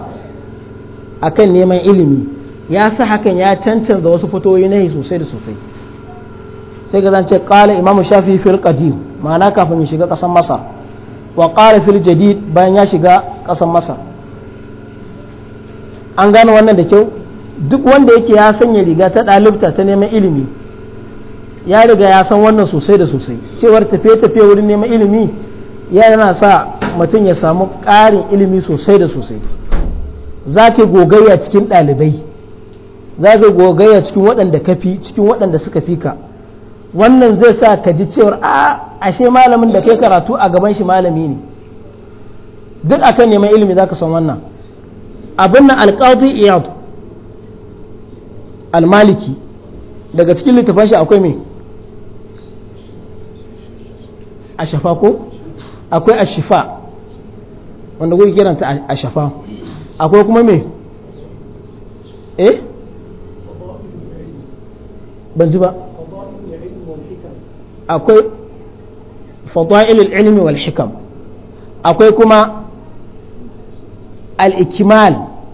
akan neman ilimi ya sa hakan ya cancanta wasu fatoyi na sosai da sosai sai ga zance kala imamu shafi fil qadim ma'ana kafin ya shiga ƙasan masar wa qala fil jadid bayan ya shiga ƙasan masar an gano wannan da kyau duk wanda yake ya sanya riga ta ɗalibta ta neman ilimi ya riga ya san wannan sosai da sosai cewar tafiye-tafiye wurin neman ilimi yana sa mutum ya samu ƙarin ilimi sosai da sosai za ka gogayya cikin ɗalibai za ka gogayya cikin waɗanda ka fi cikin waɗanda suka fi ka wannan zai sa ka ji cewar a ashe malamin da kai karatu a gaban shi malami ne duk akan neman ilimi za ka san wannan abin nan alƙadi iyad almaliki daga cikin littafin shi akwai me a shafa ko akwai a shifa wanda kuke kiranta a shafa akwai kuma me eh ban ji ba akwai fada'il ilmi wal hikam akwai kuma al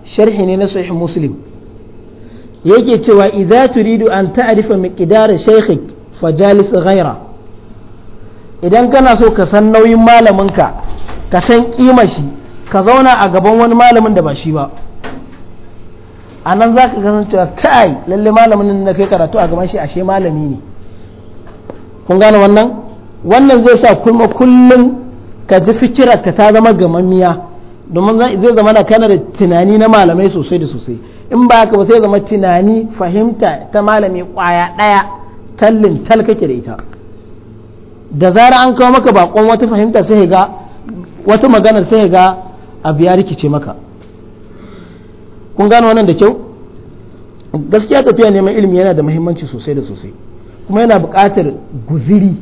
sharhi ne na sahih muslim yake cewa idza turidu an ta'rifa miqdar shaykhik fajalis ghaira idan kana so ka san nauyin malaminka ka san kima shi ka zauna a gaban wani malamin da ba shi ba a nan za ka gasan cewa kai lalle malamin da kai karatu a gaban shi ashe malami ne kun gane wannan wannan zai sa kuma kullum ka ji fikirarka ta zama gamammiya domin zai zama da kanar tunani na malamai sosai da sosai in ba ka ba sai zama tunani fahimta ta malami kwaya ɗaya tallin talkake da ita da zara an kawo maka bakon wata fahimta sai ga wata magana sai ga abu ya rikice maka kun gano wannan da kyau gaskiya tafiya neman ilimi yana da muhimmanci sosai da sosai kuma yana buƙatar guziri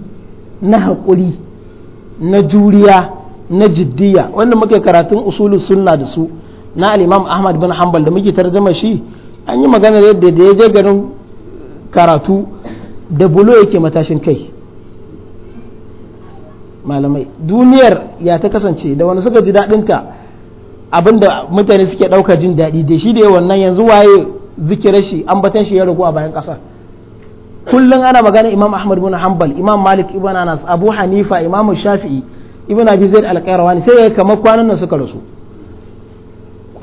na haƙuri na juriya na jiddiya wanda muke karatun usul sunna da su na al-imam ahmad bin hanbal da muke tarjama shi an yi magana yadda da ya je garin karatu da bulo yake matashin kai malamai duniyar ya ta kasance da wani suka ji ta abinda mutane suke ɗauka jin daɗi da shi da wannan yanzu waye zikirar shi an batar shi ya ragu a bayan ƙasa kullum ana magana imam ahmad bin hanbal imam malik ibn anas abu hanifa imam shafi'i ibn abi zaid al-qayrawani sai ya kamar kwanan nan suka rasu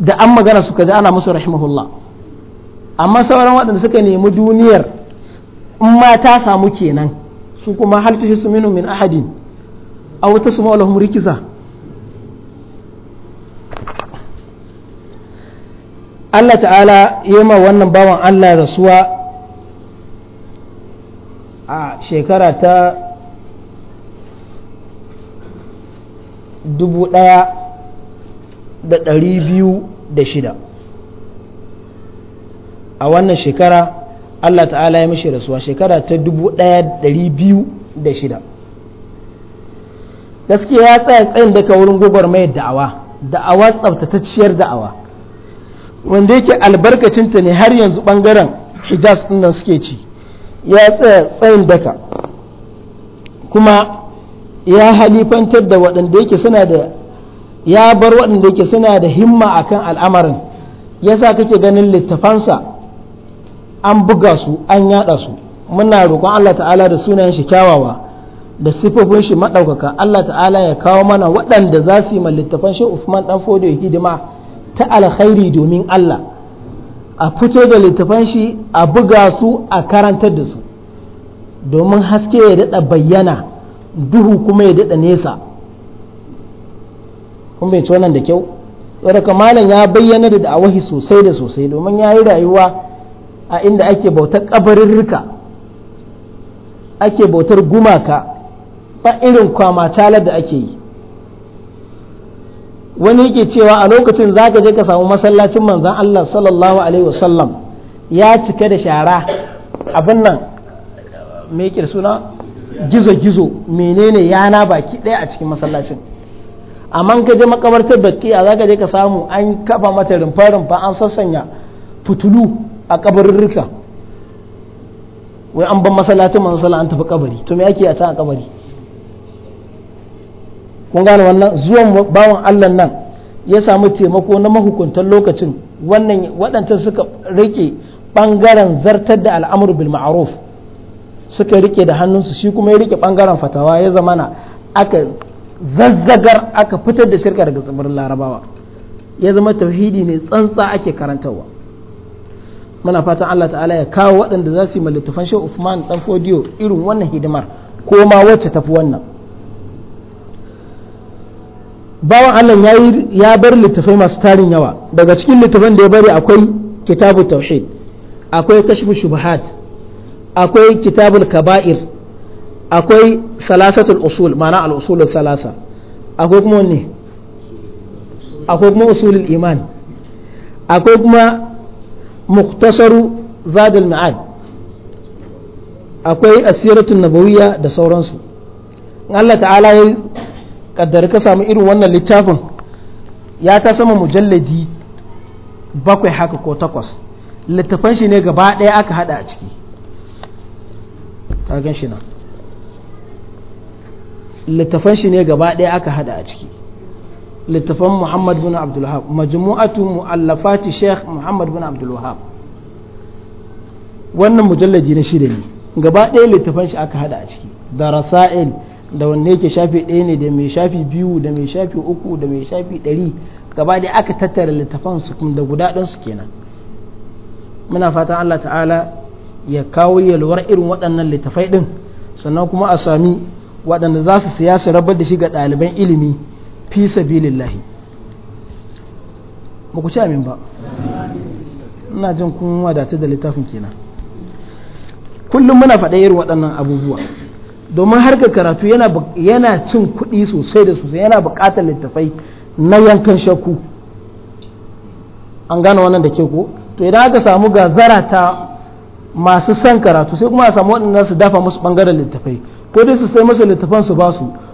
da an magana suka ji ana musu rahimahullah amma sauran waɗanda suka nemi duniyar in ma ta samu kenan su kuma hal tuhisu minhum min ahadin aw tasma lahum rikiza Allah ta'ala ma wannan bawan Allah rasuwa a shekara ta dubu ɗaya shida a wannan shekara Allah ta'ala ya mashi rasuwa shekara ta dubu ɗaya da shida gaskiya ya tsaya tsayin daga wurin gobar mai da'awa da'awa tsabtatacciyar da'awa wanda yake albarkacinta ne har yanzu bangaren hijaz ɗin suke ci ya tsaya tsayin daka kuma ya halifantar da waɗanda yake suna da ya bar waɗanda yake suna da himma akan al'amarin yasa kake ganin littafansa an buga su an yada su muna roƙon Allah ta'ala da sunayen shi kyawawa da sifofin shi maɗaukaka Allah ta'ala ya kawo mana waɗanda za su yi ma littafan shi Uthman ɗan Fodo hidima ta alkhairi domin Allah a fito da littafan shi a buga su a karantar da su domin haske ya daɗa bayyana duhu kuma ya daɗa nesa Kuma bai wannan da kyau tsaraka malam ya bayyana da da'awahi sosai da sosai domin ya yi rayuwa a inda ake bautar rika ake bautar gumaka ba irin talar da ake yi wani yake cewa a lokacin za ka je ka samu masallacin manzan Allah sallallahu alaihi wasallam ya cika da shara abin nan me yake suna gizo-gizo menene yana baki ɗaya a cikin masallacin amma ka je makabartar baki a zaka je ka samu an kafa mata rumfa-rumfa an sassanya fitulu a kabarurruka wai an ban masallacin manzo sallah an tafi kabari to me ake a can a kabari kun gane wannan zuwan bawan Allah nan ya samu taimako na mahukuntan lokacin wannan waɗanta suka rike bangaren zartar da al'amur bil ma'ruf suka rike da hannunsu shi kuma ya rike bangaren fatawa ya zamana aka zazzagar aka fitar da shirka daga tsibirin larabawa ya zama tauhidi ne tsantsa ake karantarwa muna fatan Allah ta'ala ya kawo waɗanda za su yi malittafan shi Usman dan Fodiyo irin wannan hidimar ko ma wacce tafi wannan bawan Allah ya bar littafai masu tarin yawa daga cikin littafan da ya bari akwai kitabu tauhid akwai kashfu shubuhat akwai kitabul kaba'ir akwai salasatul usul ma'ana al-usul salasa akwai kuma ne akwai kuma usulul iman akwai kuma muktasaru zadul ma'ad akwai asiratun nabawiyya da sauransu in Allah ta'ala ya kaddari ka samu irin wannan littafin ya ta sama mujalladi bakwai haka ko takwas littafan shi ne gaba ɗaya aka hada a ciki kagan shi nan littafan shi ne gaba ɗaya aka hada a ciki littafan muhammad bin abdulwahab majmu'atu mu'allafati sheikh muhammad bin abdulwahab wannan mujallaji na shida ne gaba ɗaya littafan shi aka hada a ciki da rasa'il da wanne yake shafi ɗaya ne da mai shafi biyu da mai shafi uku da mai shafi ɗari gaba ɗaya aka tattara littafan su da guda ɗansu kenan muna fatan allah ta'ala ya kawo yalwar irin waɗannan littafai ɗin sannan kuma a sami waɗanda za su siya su rabar da shi ga ɗaliban ilimi fi sabilillahi ba ku ci amin ba ina jin kun wadatu da littafin kenan kullum muna faɗa irin waɗannan abubuwa domin harkar karatu yana cin kuɗi sosai da sosai yana buƙatar littafai na yankan shakku an gane wannan da ke ko to idan aka samu ga ta. masu son karatu sai kuma a samu waɗanda su dafa musu ɓangaren littafai ko dai su sai musu littafan su ba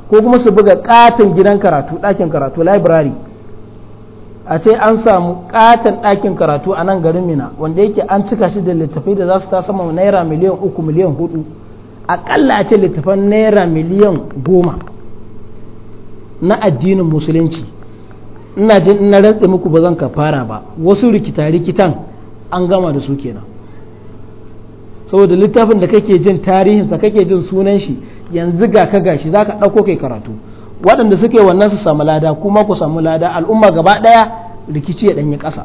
ko kuma su buga katon gidan karatu ɗakin karatu library a ce an samu katon ɗakin karatu a nan garin mina wanda yake an cika shi da littafai da za su ta sama naira miliyan uku miliyan hudu aƙalla a ce littafan naira miliyan goma na addinin musulunci ina jin ina rantse muku ba zan ka fara ba wasu rikita rikitan an gama da su kenan saboda littafin da kake jin tarihinsa kake jin sunan shi yanzu ga ka gashi za ka ɗauko kai karatu waɗanda suke wannan su samu lada kuma ku samu lada al'umma gaba ɗaya rikici ya ɗanyi ƙasa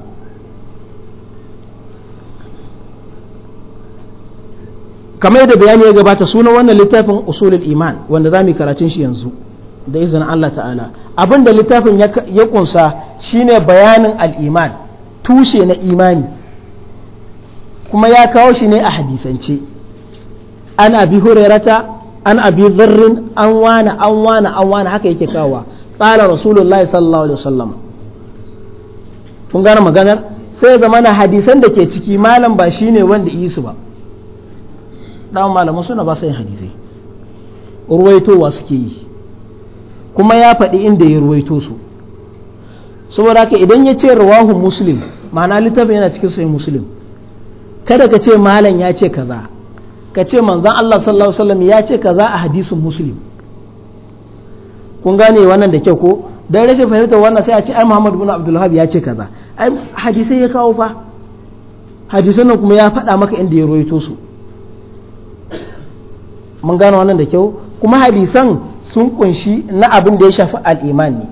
kamar yadda bayani ya gabata sunan wannan littafin usulul iman wanda za mu karatun shi yanzu da izinin Allah ta'ala abinda littafin ya kunsa shine bayanin al'iman tushe na imani kuma ya kawo shi ne a hadisance an abi hurairata an abi zarrin an wana an wana an wana haka yake kawa tsara rasulullahi sallallahu alaihi wasallam kun gane maganar sai ga na hadisan da ke ciki malam ba shine wanda yi su ba dan malaman suna ba sai hadisai ruwaitowa suke yi kuma ya faɗi inda ya ruwaito su saboda haka idan ya ce ruwahu muslim ma'ana littafin yana cikin sai muslim kada ka ce malam ya ce kaza ka ce manzon Allah sallallahu alaihi wasallam ya ce kaza a hadisin muslim kun gane wannan da kyau ko dan rashin fahimtar wannan sai a ce ai Muhammad ibn Abdullahi ya ce kaza ai hadisai ya kawo fa hadisan nan kuma ya faɗa maka inda ya roito su mun gane wannan da kyau kuma hadisan sun kunshi na abin da ya shafi al'iman ne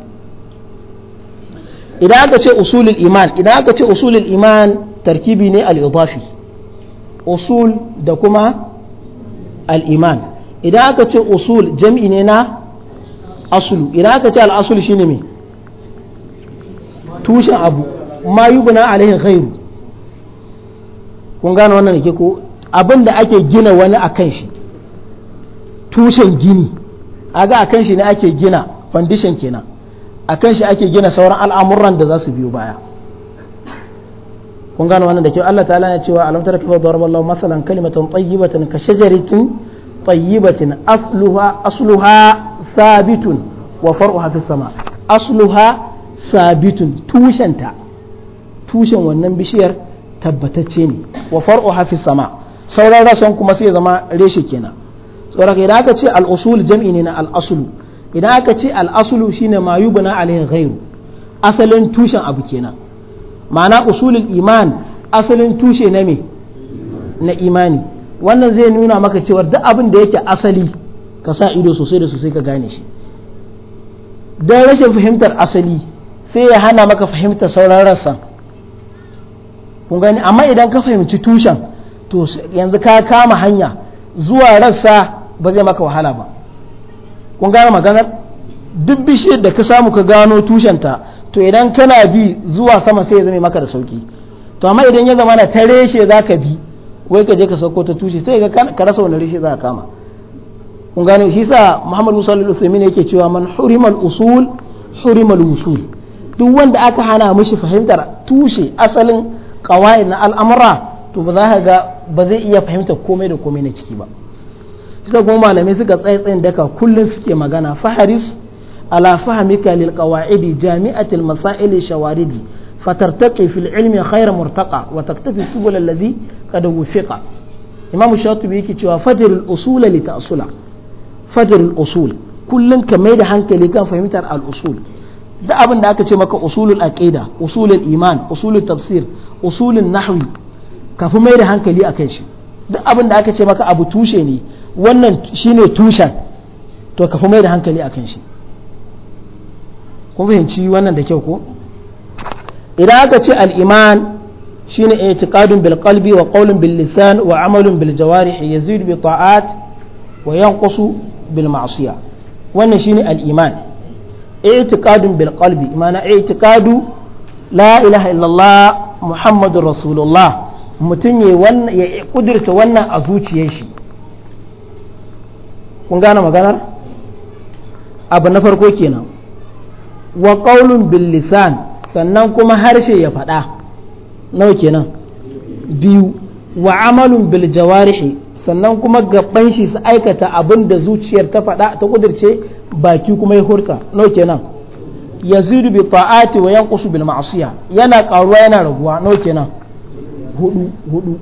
idan aka ce usulul iman idan aka ce usulul iman tarkibi ne al-idafi usul da kuma al'iman idan aka ce usul jam'i ne na asulu idan aka ce al'asulu shi ne mai tushen abu ma yi guna alaihin khairu kun gane wannan ke ko abin da ake gina wani a kan shi tushen gini aga a kan shi ne ake gina fandishin kenan a kan shi ake gina sauran al'amuran da za su biyo baya kun gano wannan da ke Allah ta'ala ya cewa alam tara kaifa daraballahu masalan kalimatan tayyibatan ka shajaratin tayyibatin asluha asluha sabitun wa far'uha fis sama asluha sabitun tushenta tushen wannan bishiyar tabbatacce ne wa far'uha fis sama sauran rasan kuma sai zama reshe kenan tsoraka idan aka ce al-usul jam'i ne na al-aslu idan aka ce al-aslu shine ma yubna alaihi asalin tushen abu kenan ma'ana usulul iman asalin tushe na me na imani wannan zai nuna maka cewa duk abin da yake asali ka sa ido sosai da sosai ka gane shi don rashin fahimtar asali sai ya hana maka fahimtar sauran rassan kun gani amma idan ka fahimci tushen to yanzu ka kama hanya zuwa rassa ba zai maka wahala ba kun gane maganar duk bishiyar da ka samu ka gano tushenta to idan kana bi zuwa sama sai ya zame maka da sauki to amma idan ya zama na ta reshe za ka bi wai ka je ka sauko ta tushe sai ka ka rasa wani reshe za ka kama kun gane shi sa muhammad musa al-uthaymin yake cewa man hurimal usul hurimal usul duk wanda aka hana mishi fahimtar tushe asalin qawaid na al'amura to ba za ka ga ba zai iya fahimtar komai da komai na ciki ba sai kuma malamai suka tsaye tsayin daka kullum suke magana faharis على فهمك للقواعد جامعة المسائل الشواردي فترتقي في العلم خير مرتقى وتكتفي السبل الذي قد وفق إمام الشاطبي يكي فجر الأصول لتأصل فجر الأصول كلن كميد حنكلي كان فهمتر الأصول da abin da aka ce maka usulul aqida usulul iman usulul tafsir usulul nahwi ka fi mai da hankali a kan shi duk abin da aka ce maka abu tushe ne wannan shine tushen to ka fi mai da hankali a kan shi kun fahimci wannan da kyau ko idan aka ce al-iman shine i'tiqadun bil qalbi wa qawlun bil lisan wa amalun bil jawarih yazid bi ta'at wa yanqusu bil wannan shine al-iman i'tiqadun bil qalbi ma'ana i'tiqadu la ilaha illallah muhammadur rasulullah mutum ya kudurta wannan a zuciyar shi kun gane maganar abu na farko kenan wa ƙaunin bil lisan sannan kuma harshe ya faɗa nawa kenan biyu wa amalun bil sannan kuma gaban shi su aikata abin da zuciyar ta faɗa ta kudirce baki kuma ya hurta nawa kenan yazidu bi ta'ati wa bil ma'asiya yana ƙaruwa yana raguwa nawa kenan hudu hudu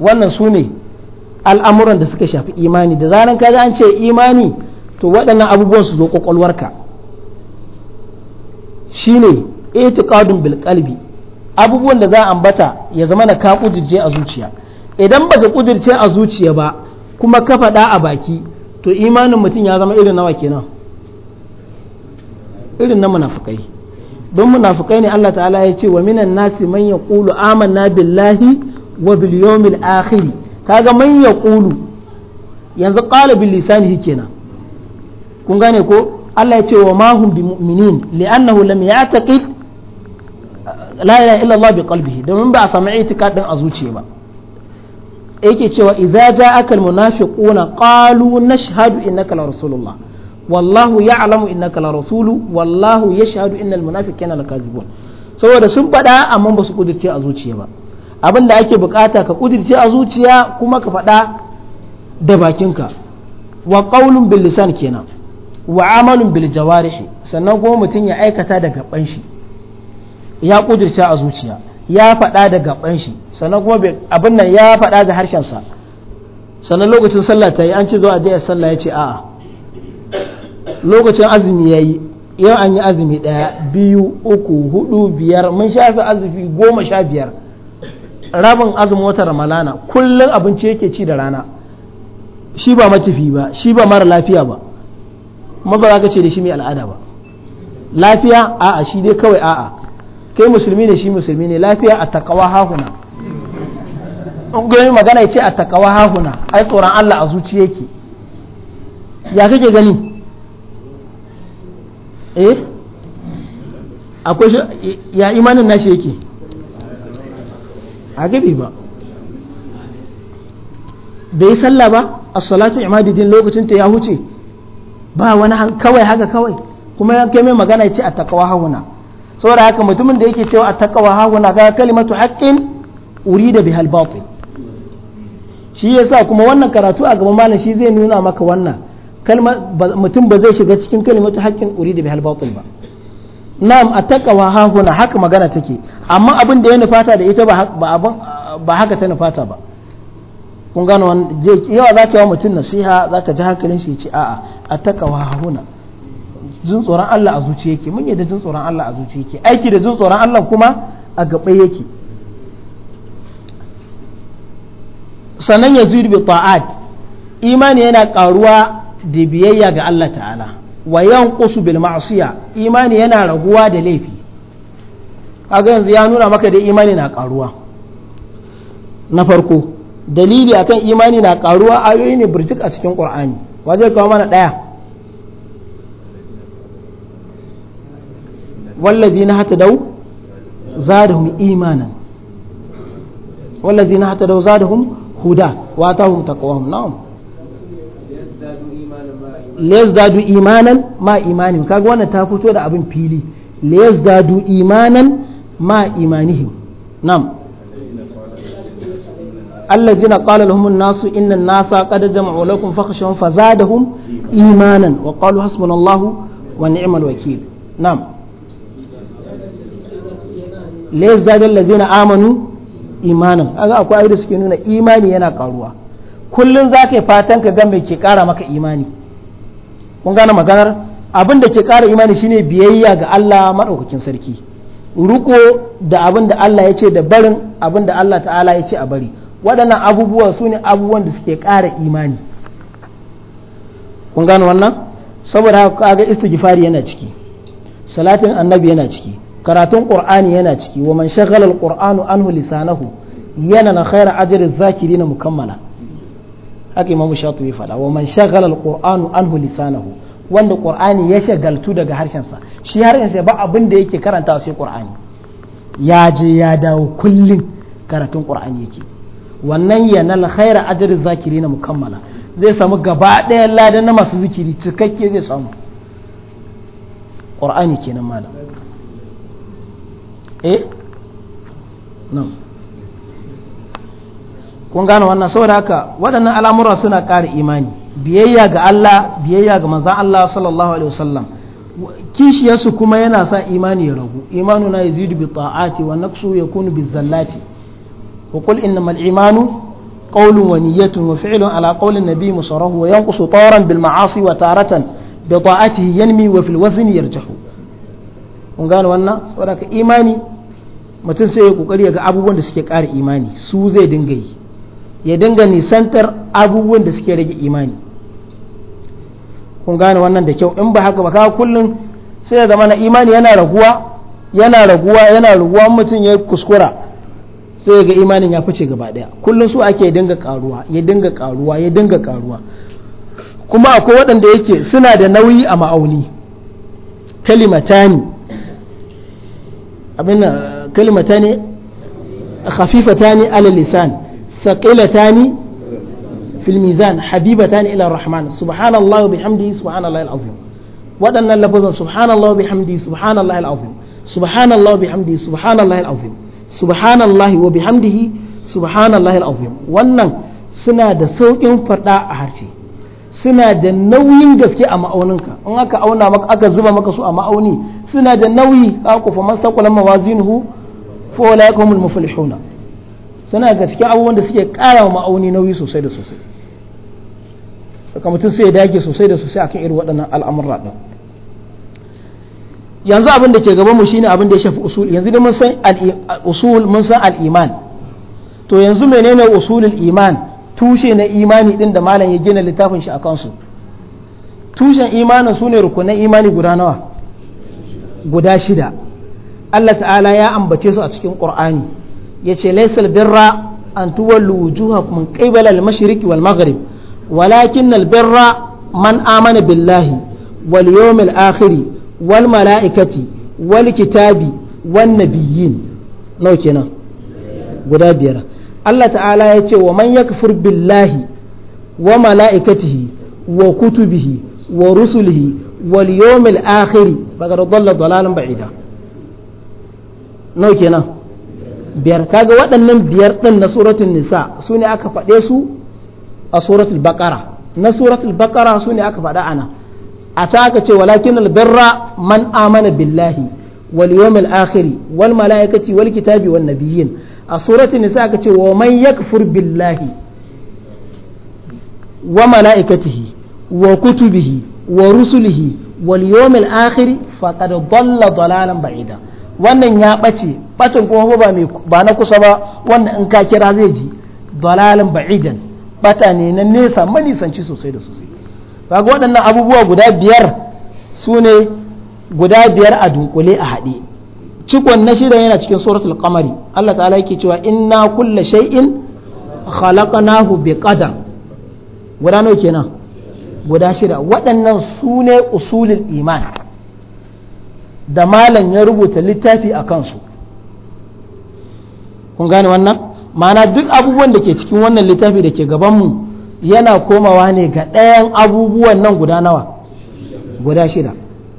wannan su ne al'amuran da suka shafi imani da zaran ka an ce imani to waɗannan abubuwan su zo ƙwaƙwalwarka shine itiqadun bil qalbi abubuwan da za a ambata ya zama na ka kudirce a zuciya idan ba ka kudirce a zuciya ba kuma ka faɗa a baki to imanin mutum ya zama irin nawa kenan irin na munafukai don munafukai ne Allah ta'ala ya ce wa minan nasi man kulu amanna billahi wa bil yawmil akhir kaga man kulu yanzu qala bil lisanihi kenan kun gane ko Allah ya ce wa ma bi mu'minin li'annahu lam ya'taqid la ilaha illa Allah bi qalbihi domin ba a samu itikadin a zuciya ba yake cewa idza ja'aka almunafiquna qalu nashhadu innaka la rasulullah wallahu ya'lamu innaka la rasulu wallahu yashhadu innal munafiqina lakazibun saboda sun faɗa amma ba su a zuciya ba abin da ake bukata ka kudirce a zuciya kuma ka faɗa da bakinka wa qaulun bil lisan kenan wa amalun bil jawarihi sannan kuma mutum ya aikata da gaban shi ya kudirce a zuciya ya faɗa da gaban shi sannan kuma abin nan ya faɗa da harshen sa sannan lokacin sallah ta yi an ce zo a je sallah ya ce a'a lokacin azumi ya yi yau an yi azumi ɗaya biyu uku hudu biyar mun shafi azumi goma sha biyar rabin azumin wata ramalana kullum abinci yake ci da rana shi ba matafi ba shi ba mara lafiya ba mabara ba ka ce da shi mai al'ada ba lafiya a'a shi dai kawai a'a kai musulmi ne shi musulmi ne lafiya a takawa hahuna in magana ya ce a takawa hahuna ai tsoron Allah a zuci yake ya kake gani eh akwai ya imanin nashi yake a gabi ba bai sallah ba as-salatu imadidin lokacin ta ya huce ba wani kawai haka kawai kuma ya kai mai magana ya ce a takawa hauna saboda haka mutumin da yake cewa a takawa hauna ga kalimatu haƙƙin uri da bihal batil shi yasa kuma wannan karatu a gaban malam shi zai nuna maka wannan kalma mutum ba zai shiga cikin kalimatu haƙƙin uri da bihal batil ba na'am a takawa hauna haka magana take amma abin da ya nufata da ita ba ba haka ta nufata ba kun gano yawa za ka yawa mutum nasiha za ka ji hankalin shi ce a'a a wa hauna. jin tsoron Allah a zuci yake mun yi yadda jin tsoron Allah a zuci yake aiki da jin tsoron Allah kuma a gaɓai yake sannan ya zuri bi ta'at imani yana karuwa da biyayya ga Allah ta'ala wa yanqusu bil ma'siya imani yana raguwa da laifi kaga yanzu ya nuna maka da imani na karuwa na farko dalili akan imani na karuwa ayoyi ne birjik a cikin qur'ani wa zai kawo mana daya walladina hatadaw zadahum imanan za hatadaw zadahum huda wa atahum taqwahum na'am dadu imanan ma imanin kaga wannan ta fito da abin fili les dadu imanan ma imanihim na'am Allah jina qala lahum an-nasu inna an-nasa qad jama'u lakum fakhshawhum fazadahum imanan wa qalu hasbunallahu wa ni'mal wakeel. Na'am. Lais zadal ladina amanu imanan. Kaga akwai ayyuka suke nuna imani yana karuwa. Kullun zaka yi fatan ka ga mai ke kara maka imani. Kun gane maganar abin da ke kara imani shine biyayya ga Allah madaukakin sarki. Ruko da abin da Allah ya ce da barin abin da Allah ta'ala ya ce a bari. waɗannan abubuwan su ne abubuwan da suke ƙara imani kun gano wannan saboda haka kaga istighfari yana ciki salatin annabi yana ciki karatun qur'ani yana ciki wa man shaghala alqur'anu anhu lisanahu yana na khairu ajri dhakirina mukammala haka imamu shatibi fada wa man shaghala alqur'anu anhu lisanahu wanda qur'ani ya shagaltu daga harshensa shi har harshensa ba abin da yake karanta sai qur'ani ya je ya dawo kullum karatun qur'ani yake wannan yanal ajarin zakiri na mukammala zai samu gaba ɗaya ladan na masu zikiri cikakke zai samu qur'ani kenan malam eh nan kun gane wannan saboda haka waɗannan al'amura suna ƙara imani biyayya ga Allah biyayya ga manzan Allah sallallahu alaihi wasallam kishiyarsu kuma yana sa imani ya ragu imanu na yazidu bi ta'ati wa naqsu yakunu bi zallati وقل إنما الإيمان قول ونية وفعل على قول النبي مصره وينقص طارا بالمعاصي وتارة بطاعته ينمي وفي الوزن يرجح ونقال وانا سؤالك إيماني mutum sai ya kokari ya ga abubuwan da suke ƙara imani su zai dinga ya dinga nisantar abubuwan da suke rage imani kun gane wannan da kyau in ba haka ba ka kullum sai da zama na imani yana raguwa yana raguwa yana raguwa mutum ya kuskura sai ga imanin ya fice gaba daya kullum su ake dinga karuwa ya dinga karuwa ya dinga karuwa kuma akwai waɗanda yake suna da nauyi a ma'auni kalimatani abin kalimatani khafifatani ala lisan thaqilatani fil mizan habibatani ila rahman subhanallahi bihamdihi subhanallahi alazim waɗannan lafazan subhanallahi bihamdihi subhanallahi alazim subhanallahi bihamdihi subhanallahi alazim subhanallahi wa bihamdihi subhanallahi al'azim wannan suna da sauƙin faɗa a harshe suna da nauyin gaske a ma'auninka in aka auna maka aka zuba maka su a ma'auni suna da nauyi ka ku fa man saqulan mawazinuhu fa ulaikumul muflihuna suna gaske abubuwan da suke ƙara wa ma'auni nauyi sosai da sosai kamar mutum sai ya dage sosai da sosai akan irin waɗannan al'amuran ɗin yanzu abin da ke gaban mu shine abin da ya shafi usul yanzu mun san usul mun san al-iman to yanzu menene usulul iman tushe na imani din da malam ya gina littafin shi akan su tushen imanin sune rukunan imani guda nawa guda shida Allah ta'ala ya ambace su a cikin Qur'ani yace laysal birra an tuwallu wujuhakum qibala al-mashriqi wal maghrib walakin al-birra man amana billahi wal yawmil akhir wal mala'ikati wal kitabi wan nabiyyin nau kenan guda biyar Allah ta'ala ya ce wa man yakfur billahi wa mala'ikatihi wa kutubihi wa rusulihi wal yawmil akhir faqad dhalla dhalalan ba'ida nau kenan biyar kaga waɗannan biyar ɗin na suratul nisa su ne aka faɗe su a suratul Baƙara na suratul Baƙara su ne aka faɗa ana a ta aka ce walakin albirra man amana billahi wal yawmil akhiri wal malaikati wal kitabi wan nabiyyin a surati nisa aka ce wa man yakfur billahi wa malaikatihi wa kutubihi wa rusulihi wal yawmil akhiri faqad dhalla dhalalan ba'ida wannan ya bace bacin kuma ba mai ba na kusa ba wannan in ka kira zai ji dhalalan ba'idan bata ne na nesa manisanci sosai da sosai kaga waɗannan abubuwa guda biyar su ne guda biyar a dunkule a haɗe cikon na shida yana cikin suratul qamari Allah ta'ala yake cewa inna kulla shay'in khalaqnahu bi qadar guda nawa kenan guda shida waɗannan su ne usulul iman da malam ya rubuta littafi a kansu kun gane wannan ma'ana duk abubuwan da ke cikin wannan littafi da ke gabanmu yana komawa ne ga ɗayan abubuwan nan guda nawa guda shida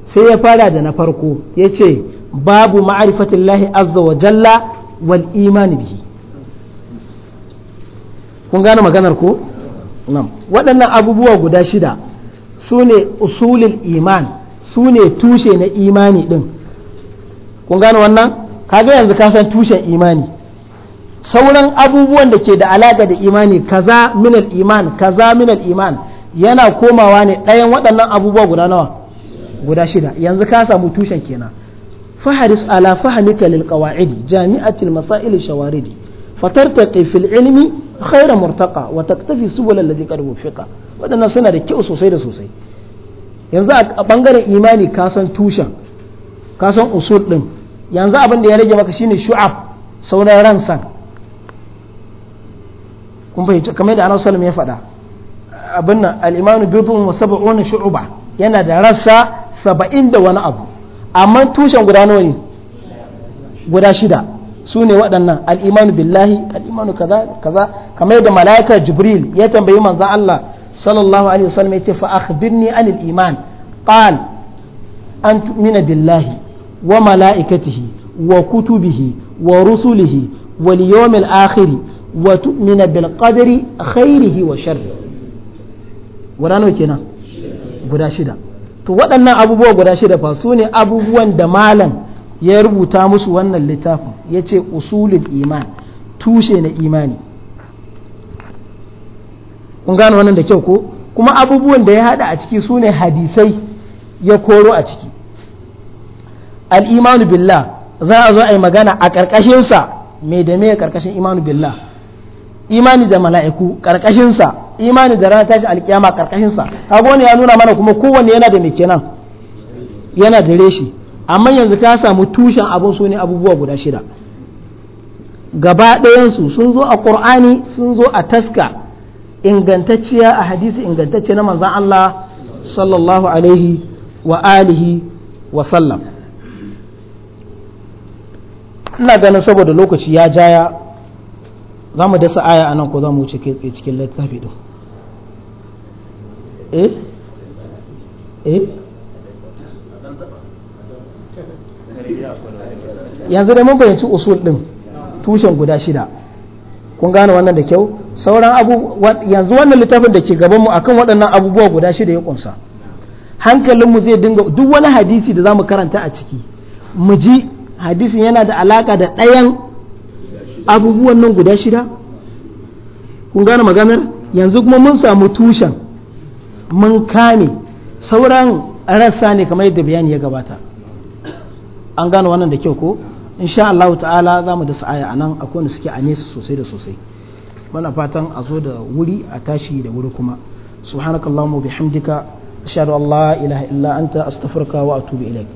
sai ya fara da na farko ya ce babu ma'arifatillahi azza wa jalla wal imani bihi kun gane maganar ko nan waɗannan abubuwa guda shida su ne usulul iman su ne tushe na imani ɗin kun gane wannan kaga yanzu ka san tushen imani sauran abubuwan da ke da alaka da imani kaza minal iman kaza minal iman yana komawa ne ɗayan waɗannan abubuwa guda nawa guda shida yanzu ka samu tushen kenan faharis ala fahimika lil qawaidi jami'atil masail shawaridi fatartaqi fil ilmi khayra murtaqa wa taktafi subul alladhi qad wufiqa waɗannan suna da kyau sosai da sosai yanzu a bangaren imani ka san tushen ka san usul din yanzu abin da ya rage maka shine shu'ab sauran ransan kun fahimci kamar da annabi sallallahu ya faɗa abin nan al-imanu bidun wa sab'un shu'ba yana da rasa saba'in da wani abu amma tushen guda nawa ne guda shida su ne waɗannan al billahi al kaza kaza kamar da malaika jibril ya tambayi manzo Allah sallallahu alaihi wasallam yace fa akhbirni anil iman qal an tu'mina billahi wa malaikatihi wa kutubihi wa rusulihi wal yawmil akhir وتؤمن بالقدر خيره وشره ورانو wa غدا شدا تو kenan guda shida to waɗannan abubuwa guda shida fa su abubuwan da malam ya rubuta musu wannan littafin ya ce usulul iman tushe na imani kun gano wannan da kyau ko kuma abubuwan da ya hada a ciki sune hadisai ya koro a ciki al al'imanu billah za a zo a yi magana a ƙarƙashinsa mai da mai ƙarƙashin imanu billah imani da mala'iku ƙarƙashinsa imani da ranar tashi alƙiyama ƙarƙashinsa kaga wani ya nuna mana kuma kowanne yana da mai kenan yana da reshi amma yanzu ta samu tushen abin su ne abubuwa guda shida gaba ɗayansu sun zo a ƙur'ani sun zo a taska ingantacciya a hadisi ingantacciya na manzan Allah sallallahu alaihi wa alihi wa sallam ina ganin saboda lokaci ya jaya za mu dasa aya a nan ko za mu wuce kai tsaye cikin littafi ɗin eh eh yanzu dai mun fahimci usul ɗin tushen guda shida kun gane wannan da kyau sauran abubuwa yanzu wannan littafin da ke gabanmu akan waɗannan abubuwa guda shida ya kunsa hankalinmu zai dinga duk wani hadisi da za mu karanta a ciki mu ji hadisin yana da alaka da ɗayan abubuwan nan guda shida kun gane maganar yanzu kuma mun samu tushen mun kame sauran rassa ne kamar yadda bayani ya gabata an gane wannan da kyau ko insha Allah ta'ala za mu da sa'aya a nan akwai wanda suke a nesa sosai da sosai mana fatan a zo da wuri a tashi da wuri kuma subhanakallahumma bihamdika ashhadu an la ilaha illa anta astaghfiruka wa atubu ilaik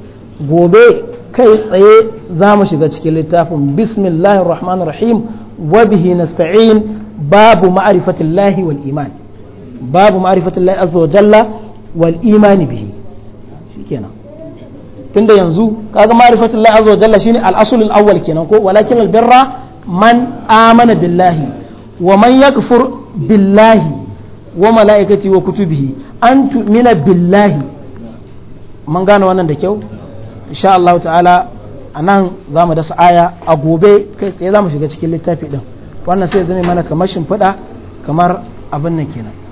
gobe kai tsaye za mu shiga cikin littafin bismillahir rahmanir rahim wa bihi nasta'in babu ma'rifatillahi wal iman babu ma'rifatillahi azza wa jalla wal iman bihi shikenan tunda yanzu kaga ma'rifatillahi azza wa jalla shine al-asl al-awwal kenan ko walakin al-birra man amana billahi wa man yakfur billahi wa mala'ikati wa kutubihi an tu'mina billahi man gane wannan da kyau insha Allah ta'ala a nan za mu dasa aya a gobe kai tsaye za mu shiga cikin littafi din wannan sai zama mana kamar shimfiɗa kamar abin nan kenan